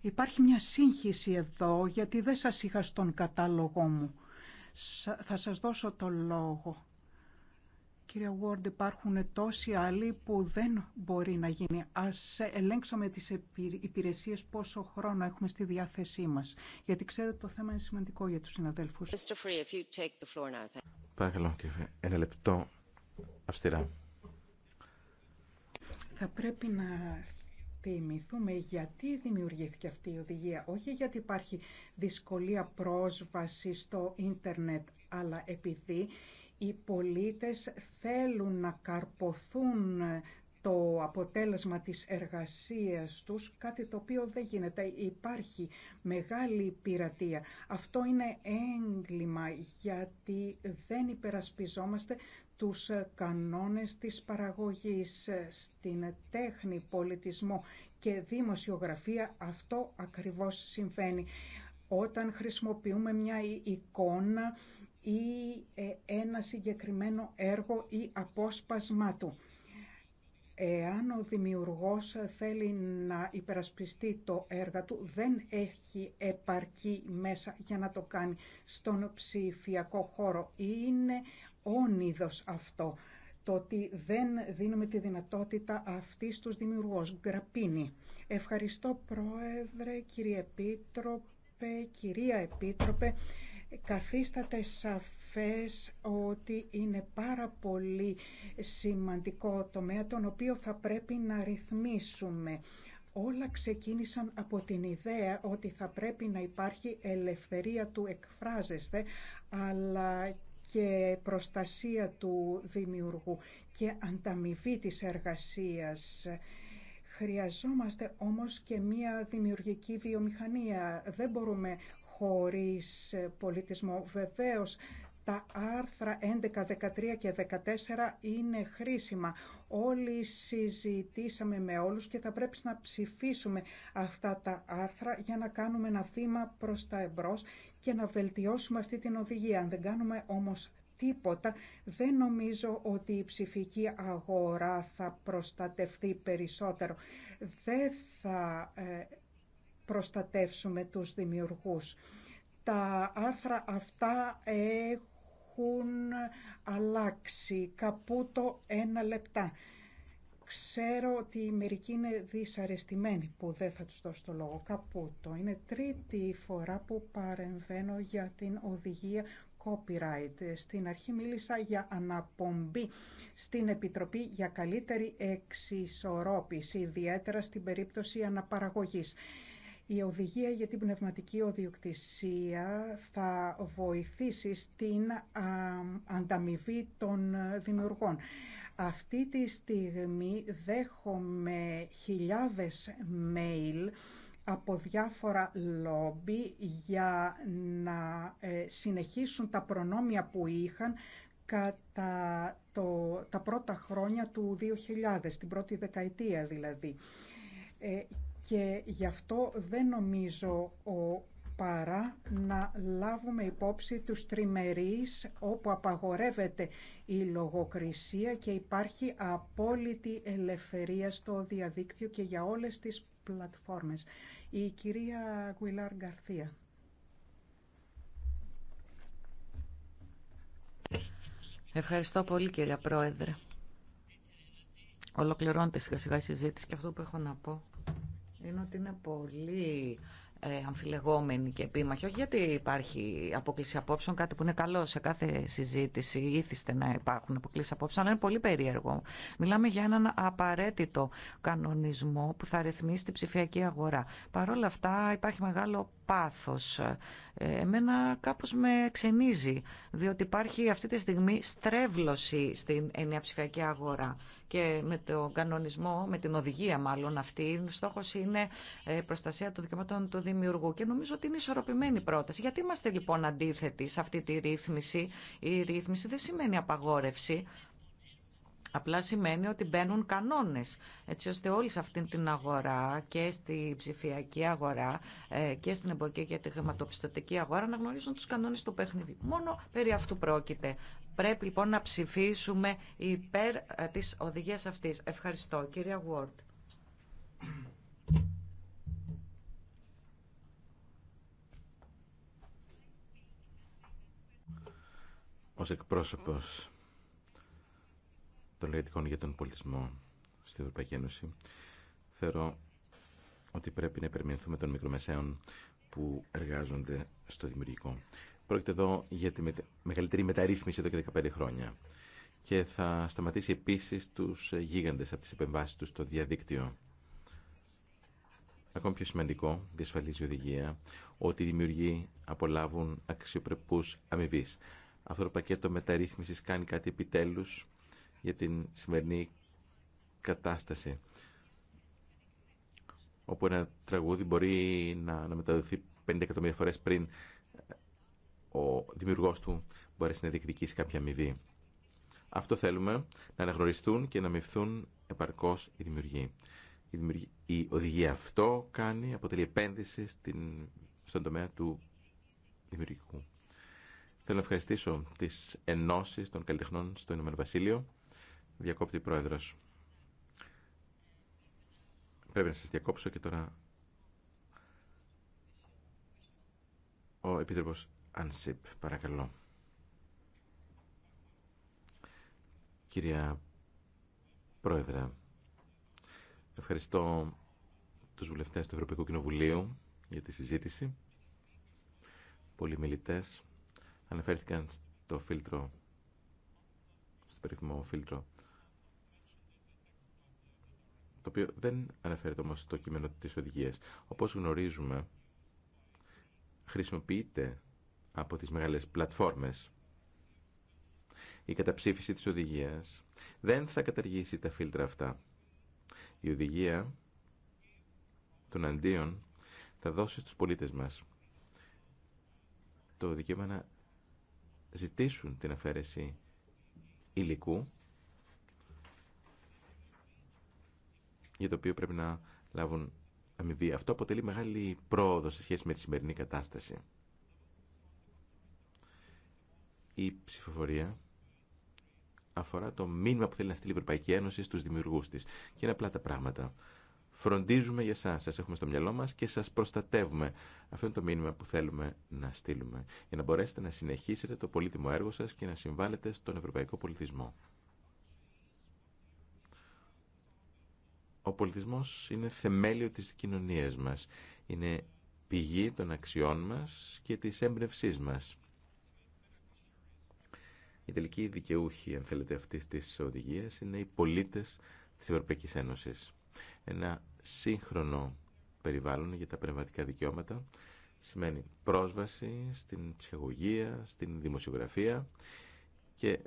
Υπάρχει μια σύγχυση εδώ γιατί δεν σας είχα στον κατάλογο μου. Θα σας δώσω το λόγο. Κύριε Ward, υπάρχουν τόσοι άλλοι που δεν μπορεί να γίνει. Ας ελέγξουμε τις υπηρεσίες πόσο χρόνο έχουμε στη διάθεσή μας. Γιατί ξέρω ότι το θέμα είναι σημαντικό για τους συναδέλφους. Παρακαλώ, κύριε. Ένα λεπτό αυστηρά. Θα πρέπει να θυμηθούμε γιατί δημιουργήθηκε αυτή η οδηγία. Όχι γιατί υπάρχει δυσκολία πρόσβαση στο ίντερνετ, αλλά επειδή οι πολίτες θέλουν να καρποθούν το αποτέλεσμα της εργασίας τους, κάτι το οποίο δεν γίνεται. Υπάρχει μεγάλη πειρατεία. Αυτό είναι έγκλημα γιατί δεν υπερασπιζόμαστε τους ε, κανόνες της παραγωγής ε, στην τέχνη, πολιτισμό και δημοσιογραφία αυτό ακριβώς συμβαίνει. Όταν χρησιμοποιούμε μια εικόνα ή ε, ένα συγκεκριμένο έργο ή απόσπασμά του. Εάν ο δημιουργός θέλει να υπερασπιστεί το έργα του, δεν έχει επαρκή μέσα για να το κάνει στον ψηφιακό χώρο. Είναι όνειδος αυτό, το ότι δεν δίνουμε τη δυνατότητα αυτή στους δημιουργούς. Γραπίνη. Ευχαριστώ Πρόεδρε, κύριε Επίτροπε, κυρία Επίτροπε. Καθίσταται σαφές ότι είναι πάρα πολύ σημαντικό τομέα τον οποίο θα πρέπει να ρυθμίσουμε. Όλα ξεκίνησαν από την ιδέα ότι θα πρέπει να υπάρχει ελευθερία του εκφράζεστε, αλλά και προστασία του δημιουργού και ανταμοιβή της εργασίας. Χρειαζόμαστε όμως και μία δημιουργική βιομηχανία. Δεν μπορούμε χωρίς πολιτισμό. Βεβαίως, τα άρθρα 11, 13 και 14 είναι χρήσιμα. Όλοι συζητήσαμε με όλους και θα πρέπει να ψηφίσουμε αυτά τα άρθρα για να κάνουμε ένα βήμα προς τα εμπρός και να βελτιώσουμε αυτή την οδηγία. Αν δεν κάνουμε όμως τίποτα, δεν νομίζω ότι η ψηφική αγορά θα προστατευτεί περισσότερο. Δεν θα ε, προστατεύσουμε τους δημιουργούς. Τα άρθρα αυτά έχουν αλλάξει καπούτο ένα λεπτά. Ξέρω ότι μερικοί είναι δυσαρεστημένοι που δεν θα τους δώσω το λόγο. Καπούτο. Είναι τρίτη φορά που παρεμβαίνω για την οδηγία copyright. Στην αρχή μίλησα για αναπομπή στην Επιτροπή για καλύτερη εξισορρόπηση, ιδιαίτερα στην περίπτωση αναπαραγωγής. Η οδηγία για την πνευματική οδιοκτησία θα βοηθήσει στην ανταμοιβή των δημιουργών. Αυτή τη στιγμή δέχομαι χιλιάδες mail από διάφορα λόμπι για να ε, συνεχίσουν τα προνόμια που είχαν κατά το, τα πρώτα χρόνια του 2000, την πρώτη δεκαετία δηλαδή. Ε, και γι' αυτό δεν νομίζω ο, παρά να λάβουμε υπόψη τους τριμερείς όπου απαγορεύεται η λογοκρισία και υπάρχει απόλυτη ελευθερία στο διαδίκτυο και για όλες τις πλατφόρμες. Η κυρία Γκουιλάρ Γκαρθία. Ευχαριστώ πολύ κυρία Πρόεδρε. Ολοκληρώνεται σιγά σιγά η συζήτηση και αυτό που έχω να πω είναι ότι είναι πολύ ε, αμφιλεγόμενη και επίμαχη. Όχι γιατί υπάρχει απόκληση απόψεων, κάτι που είναι καλό σε κάθε συζήτηση, ήθιστε να υπάρχουν αποκλήσει απόψεων, αλλά είναι πολύ περίεργο. Μιλάμε για έναν απαραίτητο κανονισμό που θα ρυθμίσει την ψηφιακή αγορά. Παρ' όλα αυτά υπάρχει μεγάλο πάθος. Εμένα κάπως με ξενίζει, διότι υπάρχει αυτή τη στιγμή στρέβλωση στην ενιαία ψηφιακή αγορά και με τον κανονισμό, με την οδηγία μάλλον αυτή, στόχος είναι ε, προστασία των δικαιωμάτων του δημιουργού και νομίζω ότι είναι ισορροπημένη πρόταση. Γιατί είμαστε λοιπόν αντίθετοι σε αυτή τη ρύθμιση. Η ρύθμιση δεν σημαίνει απαγόρευση, Απλά σημαίνει ότι μπαίνουν κανόνες, έτσι ώστε όλοι σε αυτήν την αγορά και στη ψηφιακή αγορά ε, και στην εμπορική και τη χρηματοπιστωτική αγορά να γνωρίζουν τους κανόνες του παιχνιδιού. Μόνο περί αυτού πρόκειται. Πρέπει λοιπόν να ψηφίσουμε υπέρ ε, της οδηγίας αυτής. Ευχαριστώ κυρία Ward. Ως εκπρόσωπος των εργατικών για τον πολιτισμό στην Ευρωπαϊκή Ένωση, θεωρώ ότι πρέπει να υπερμηνθούμε των μικρομεσαίων που εργάζονται στο δημιουργικό. Πρόκειται εδώ για τη μεγαλύτερη μεταρρύθμιση εδώ και 15 χρόνια και θα σταματήσει επίση του γίγαντε από τι επεμβάσεις του στο διαδίκτυο. Ακόμη πιο σημαντικό, διασφαλίζει η οδηγία, ότι οι δημιουργοί απολάβουν αξιοπρεπού αμοιβή. Αυτό το πακέτο μεταρρύθμιση κάνει κάτι επιτέλου για την σημερινή κατάσταση όπου ένα τραγούδι μπορεί να, να μεταδοθεί 5 εκατομμύρια φορές πριν ο δημιουργός του μπορέσει να διεκδικήσει κάποια αμοιβή. Αυτό θέλουμε, να αναγνωριστούν και να μειωθούν επαρκώς οι δημιουργοί. Η, η οδηγία αυτό κάνει, αποτελεί επένδυση στην, στον τομέα του δημιουργικού. Θέλω να ευχαριστήσω τις ενώσεις των καλλιτεχνών στο Ηνωμένο Βασίλειο Διακόπτη πρόεδρος. Πρέπει να σας διακόψω και τώρα ο Επίτροπος Ανσίπ, παρακαλώ. Κυρία Πρόεδρε, ευχαριστώ τους βουλευτές του Ευρωπαϊκού Κοινοβουλίου για τη συζήτηση. Πολλοί μιλητές αναφέρθηκαν στο φίλτρο, στο περίφημο φίλτρο το οποίο δεν αναφέρεται όμως στο κείμενο της οδηγίας. Όπως γνωρίζουμε, χρησιμοποιείται από τις μεγάλες πλατφόρμες η καταψήφιση της οδηγίας δεν θα καταργήσει τα φίλτρα αυτά. Η οδηγία των αντίων θα δώσει στους πολίτες μας το δικαίωμα να ζητήσουν την αφαίρεση υλικού για το οποίο πρέπει να λάβουν αμοιβή. Αυτό αποτελεί μεγάλη πρόοδο σε σχέση με τη σημερινή κατάσταση. Η ψηφοφορία αφορά το μήνυμα που θέλει να στείλει η Ευρωπαϊκή Ένωση στους δημιουργούς της. Και είναι απλά τα πράγματα. Φροντίζουμε για εσά, σας έχουμε στο μυαλό μας και σας προστατεύουμε. Αυτό είναι το μήνυμα που θέλουμε να στείλουμε. Για να μπορέσετε να συνεχίσετε το πολύτιμο έργο σα και να συμβάλλετε στον ευρωπαϊκό πολιτισμό. Ο πολιτισμός είναι θεμέλιο της κοινωνίας μας. Είναι πηγή των αξιών μας και της έμπνευσή μας. Η τελική δικαιούχη, αν θέλετε, αυτής της οδηγίας είναι οι πολίτες της Ευρωπαϊκής Ένωσης. Ένα σύγχρονο περιβάλλον για τα πνευματικά δικαιώματα σημαίνει πρόσβαση στην ψυχαγωγία, στην δημοσιογραφία και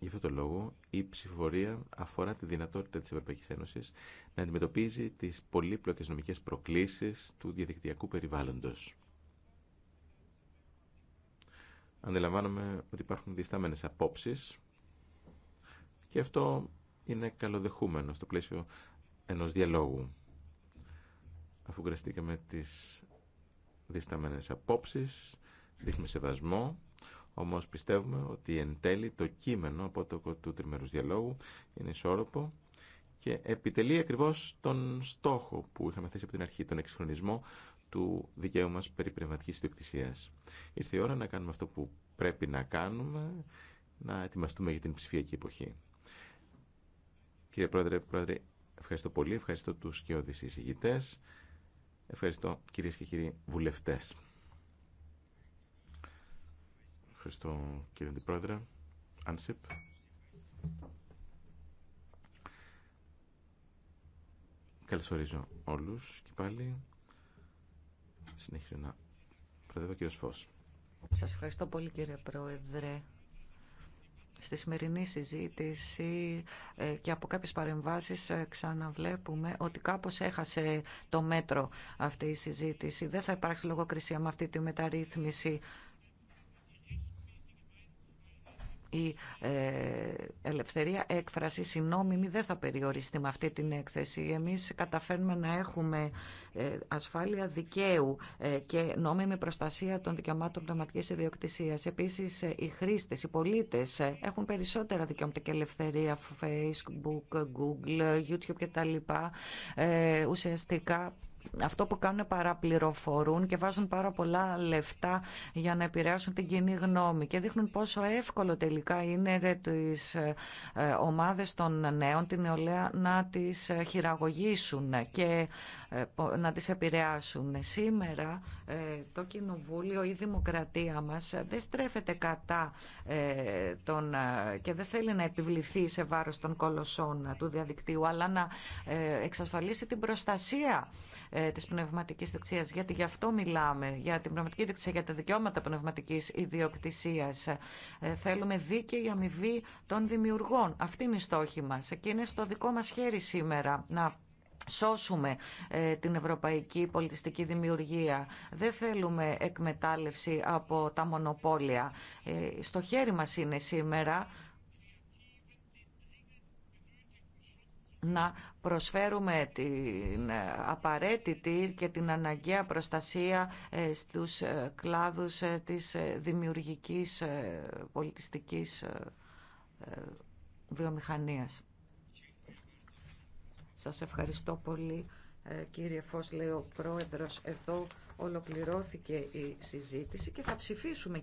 Γι' αυτό το λόγο η ψηφοφορία αφορά τη δυνατότητα της Ευρωπαϊκής Ένωσης να αντιμετωπίζει τις πολύπλοκες νομικές προκλήσεις του διαδικτυακού περιβάλλοντος. Αντιλαμβάνομαι ότι υπάρχουν διστάμενες απόψεις και αυτό είναι καλοδεχούμενο στο πλαίσιο ενός διαλόγου. Αφού γραστήκαμε τις διστάμενες απόψεις, δείχνουμε σεβασμό όμως πιστεύουμε ότι εν τέλει το κείμενο από το του τριμερούς διαλόγου είναι ισόρροπο και επιτελεί ακριβώς τον στόχο που είχαμε θέσει από την αρχή, τον εξυγχρονισμό του δικαίου μας περί πνευματικής ιδιοκτησίας. Ήρθε η ώρα να κάνουμε αυτό που πρέπει να κάνουμε, να ετοιμαστούμε για την ψηφιακή εποχή. Κύριε Πρόεδρε, ευχαριστώ πολύ, ευχαριστώ τους και οδησίες ευχαριστώ κυρίες και κύριοι βουλευτές. Ευχαριστώ κύριε Αντιπρόεδρε. Άνσιπ. Καλωσορίζω όλους και πάλι. Συνέχιζω να προεδρεύω κύριος Φως. Σας ευχαριστώ πολύ κύριε Πρόεδρε στη σημερινή συζήτηση ε, και από κάποιες παρεμβάσεις ε, ξαναβλέπουμε ότι κάπως έχασε το μέτρο αυτή η συζήτηση. Δεν θα υπάρξει λογοκρισία με αυτή τη μεταρρύθμιση η ε, ελευθερία έκφραση, η νόμιμη, δεν θα περιοριστεί με αυτή την έκθεση. Εμείς καταφέρνουμε να έχουμε ε, ασφάλεια δικαίου ε, και νόμιμη προστασία των δικαιωμάτων πνευματικής ιδιοκτησίας. Επίσης, οι χρήστες, οι πολίτες έχουν περισσότερα δικαιώματα και ελευθερία, Facebook, Google, YouTube κτλ. Ουσιαστικά αυτό που κάνουν παραπληροφορούν και βάζουν πάρα πολλά λεφτά για να επηρεάσουν την κοινή γνώμη και δείχνουν πόσο εύκολο τελικά είναι τις ε, ε, ομάδες των νέων, την νεολαία να τις ε, χειραγωγήσουν και ε, να τις επηρεάσουν. Σήμερα ε, το Κοινοβούλιο, η Δημοκρατία μας ε, δεν στρέφεται κατά τον, και δεν θέλει να επιβληθεί σε βάρος των κολοσσών του διαδικτύου, αλλά να εξασφαλίσει την προστασία της πνευματικής δεξίας. γιατί γι' αυτό μιλάμε, για την πνευματική δεξία, για τα δικαιώματα πνευματικής ιδιοκτησίας. Θέλουμε δίκαιη αμοιβή των δημιουργών. Αυτή είναι η στόχη μας και είναι στο δικό μας χέρι σήμερα να σώσουμε ε, την ευρωπαϊκή πολιτιστική δημιουργία. Δεν θέλουμε εκμετάλλευση από τα μονοπόλια. Ε, στο χέρι μας είναι σήμερα να προσφέρουμε την ε, απαραίτητη και την αναγκαία προστασία στους κλάδους της δημιουργικής πολιτιστικής βιομηχανίας. Σας ευχαριστώ πολύ ε, κύριε Φως, λέει ο πρόεδρος. Εδώ ολοκληρώθηκε η συζήτηση και θα ψηφίσουμε